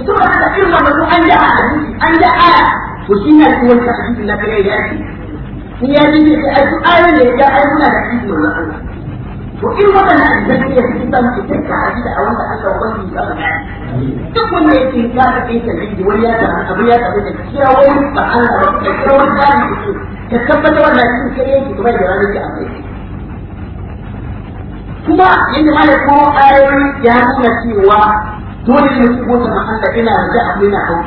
mutum ba da irin wannan an ja a an ja aya to shi ne kuma ta na kai ya ce In ya ji ne ai ayoyin da ya ai muna da cikin wannan Allah to irin wannan aljanna ya ci san ki take a da a wanda Allah wani ya ba duk wanda yake ka ta kai ta da wani ya da abu ya tafi da kira wani ba Allah ba da kira wani da yake ka tabbata wannan cikin kare yake kuma da ranar ki akwai kuma yadda malamin ayoyi ya nuna cewa dole ne ku bota ma Allah ina da abu ina hau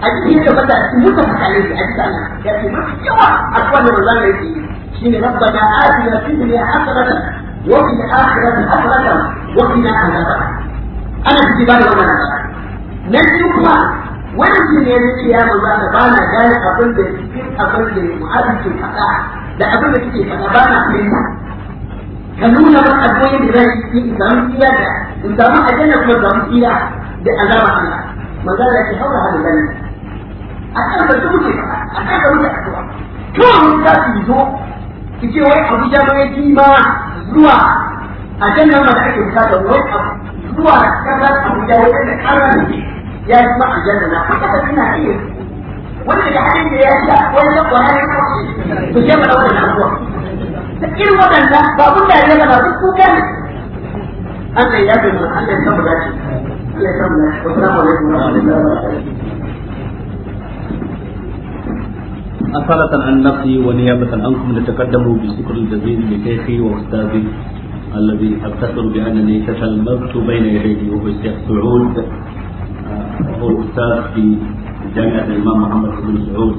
a cikin da bata mutu mutane da aka sana ya ce mafi yawa a kwan da zan yi shi ne rabbana atina fid dunya hasanatan wa fil akhirati hasanatan wa qina adhaban ana cikin ba da wannan na biyu kuma wani ne ya ce ya maza da ba na gane abin da cikin abin da mu'adin ke faɗa da abin da kike faɗa ba na fahimta ka nuna wa abin da zai yi idan ya da in samu aljanna kuma samu tsira da azaba Allah manzo da ke haura halin nan a kan da su muke a kan da a addu'a to mun za su zo su ce wai abu da bai ji ba zuwa aljanna ma da ake bukata wai abu zuwa kaza abu da wai da karan ya ji ba aljanna na haka da ina iya wanda da halin da ya sha wani da kwanan ya kawo to ce mana wannan abuwa irin waɗanda ba abun da ya zama duk kukan أنا ya bi mu أصالة عن نفسي ونيابة عنكم نتقدم بالشكر الجزيل لشيخي وأستاذي الذي أفتخر بأنني تشلمت بين يديه وهو الشيخ سعود وهو آه، الأستاذ في جامعة الإمام محمد بن سعود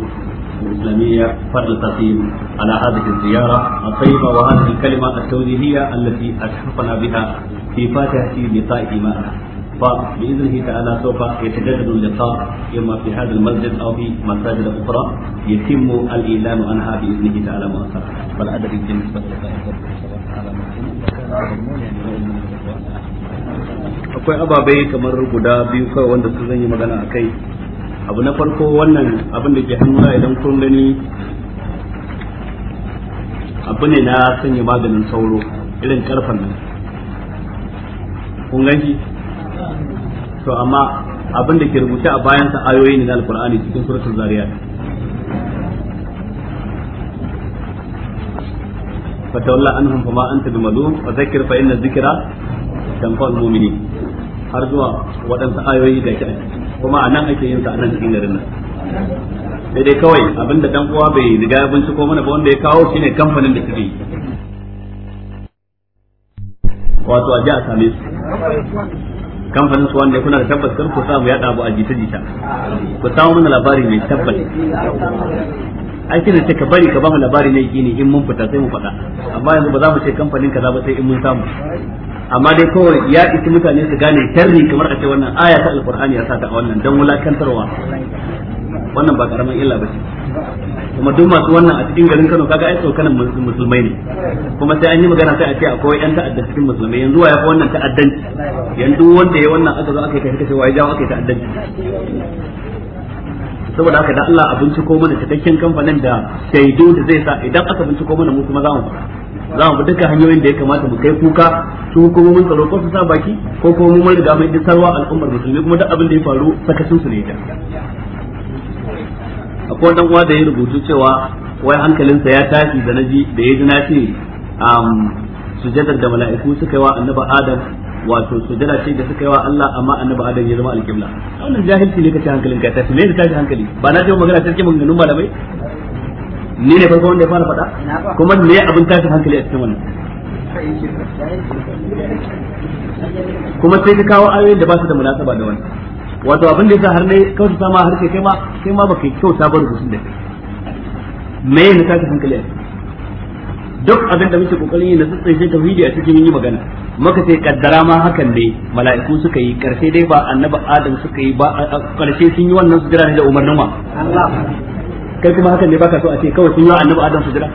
الإسلامية فرد التقييم على هذه الزيارة الطيبة وهذه الكلمة التوجيهية التي أشرفنا بها في فاتحة لقائه معنا فبإذنه تعالى سوف يتجدد اللقاء إما في هذا المسجد أو في مساجد أخرى يتم الإعلان عنها بإذنه تعالى مؤخرا أدب بالنسبة akwai ababai kamar guda biyu kawai wanda su zan yi magana a kai abu na farko wannan abin da ke hannuna idan kun gani abu ne na sanya maganin sauro irin karfan nan kun ganshi to amma abin da ke rubuce a bayan sa ayoyi ne na alqur'ani cikin suratul zariyat fatawalla anhum fama anta bimalum wa dhakkir fa inna dhikra tanfa'ul mu'minin har zuwa waɗansu ayoyi da ke kuma a nan ake yin sa a nan cikin garin nan sai dai kawai abinda dan uwa bai riga ya binciko mana ba wanda ya kawo shine kamfanin da suke wato a ji a same su kamfanin su wanda kuna da tabbas kan ku samu yada abu a jita jita ku samu mana labari mai tabbas ai kina ce ka bari ka ba mu labari ne gini in mun fita sai mu faɗa amma yanzu ba za mu ce kamfanin kaza ba sai in mun samu amma dai kawai ya isi mutane su gane tarni kamar a ce wannan aya ta alqur'ani ya sa ta a wannan dan wulakantarwa wannan ba karaman illa ba ce kuma duk masu wannan a cikin garin Kano kaga ai saukan musulmai ne kuma sai an yi magana sai a ce akwai yan ta'adda cikin musulmai yanzu wa ya fa wannan ta'addanci yanzu wanda ya wannan aka zo aka yi kashe kashe wa jawo aka yi ta'addanci saboda haka da Allah a binciko mana cikakken kamfanin da shaidu da zai sa idan aka binciko mana mu kuma za mu za mu duka hanyoyin da ya kamata mu kai kuka su hukumomin tsaro ko su sa baki ko kuma mun riga mai sarwa al'ummar musulmi kuma duk abin da ya faru sakacin su ne ya akwai dan uwa da ya rubutu cewa wai hankalinsa ya tashi da naji da ya ji na ce um, sujadar da mala'iku suka yi wa annabi adam wato sujada ce da suka yi wa Allah amma annabi adam ya zama alqibla wannan jahilci ne kace hankalin ka tashi ne ne tashi hankali ba na ce magana mun ganin malamai ni ne farko wanda ya fara faɗa kuma ne abin tashi hankali a cikin wannan kuma sai ka kawo ayoyin da ba su da munasaba da wannan wato abin da yasa har ne kauta sama har kai ma kai ma baka kyauta ba rubutun da kai me ne ta ka hankali duk abin da muke kokarin yi na tsaitsaye tauhidi a cikin yi magana maka sai kaddara ma hakan ne mala'iku suka yi karshe dai ba annabi adam suka yi ba karshe sun yi wannan sujira ne da umarnin wa kai kuma hakan ne baka so a ce kawai sun yi annabi adam sujira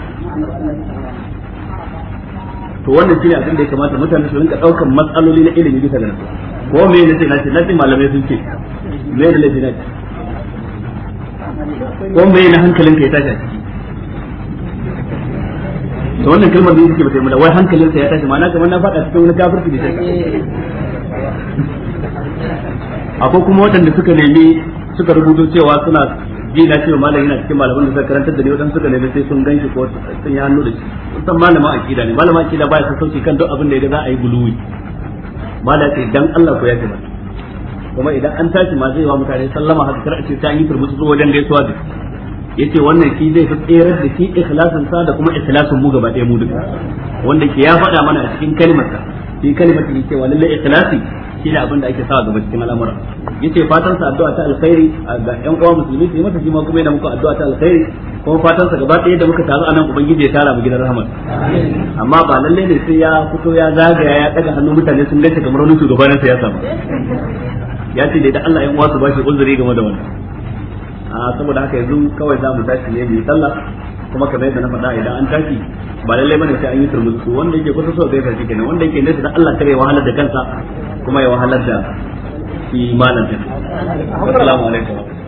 to wannan shine abin da ya kamata mutane su rinka daukan matsaloli na ilimi bisa ga nasu ko me ne na ce na ce malamai sun ce me ne laifi na ko me ne hankalin ka ya tashi da wannan kalmar da yake ba sai mu da wai hankalin sa ya tashi ma'ana kamar na faɗa cikin wani kafirci ne shirka akwai kuma waɗanda suka nemi suka rubuto cewa suna ji na cewa malam yana cikin malaman da suka karanta da ne waɗanda suka nemi sai sun ganshi ko sun yi hannu da shi sun san malama akida ne malama akida baya sassauci kan duk abin da ya za a yi buluwi da ce dan Allah ko ya ji mata kuma idan an tashi ma zai wa mutane sallama haka kar a ce ta yi turmusu zuwa wajen gaisuwa da yace wannan shi zai fi tserar da shi ikhlasin sa da kuma ikhlasin mu gaba ɗaya mu duka wanda ke ya faɗa mana cikin kalmar fi kalimatihi wa lalle ikhlasi shine abin da ake sa gaba cikin al'amura yace fatan sa addu'a ta alkhairi ga ƴan uwa musulmi sai mata shi ma kuma yana muku addu'a ta alkhairi kuma fatan sa gaba ɗaya da muka taru anan ubangiji ya tara mu gidan rahmat amma ba lalle ne sai ya fito ya zagaya ya daga hannu mutane sun dace kamar wani shugaban sa ya samu ya ce da Allah ƴan uwa su bashi uzuri game da wannan saboda haka yanzu kawai za mu tashi ne mu sallah kuma kamar yadda na faɗa idan an tashi ba lallai bane sai an yi turmutsu wanda yake kusa so zai tashi kenan wanda yake nesa da Allah kare wahalar da kansa kuma ya wahalar da imanin assalamu alaikum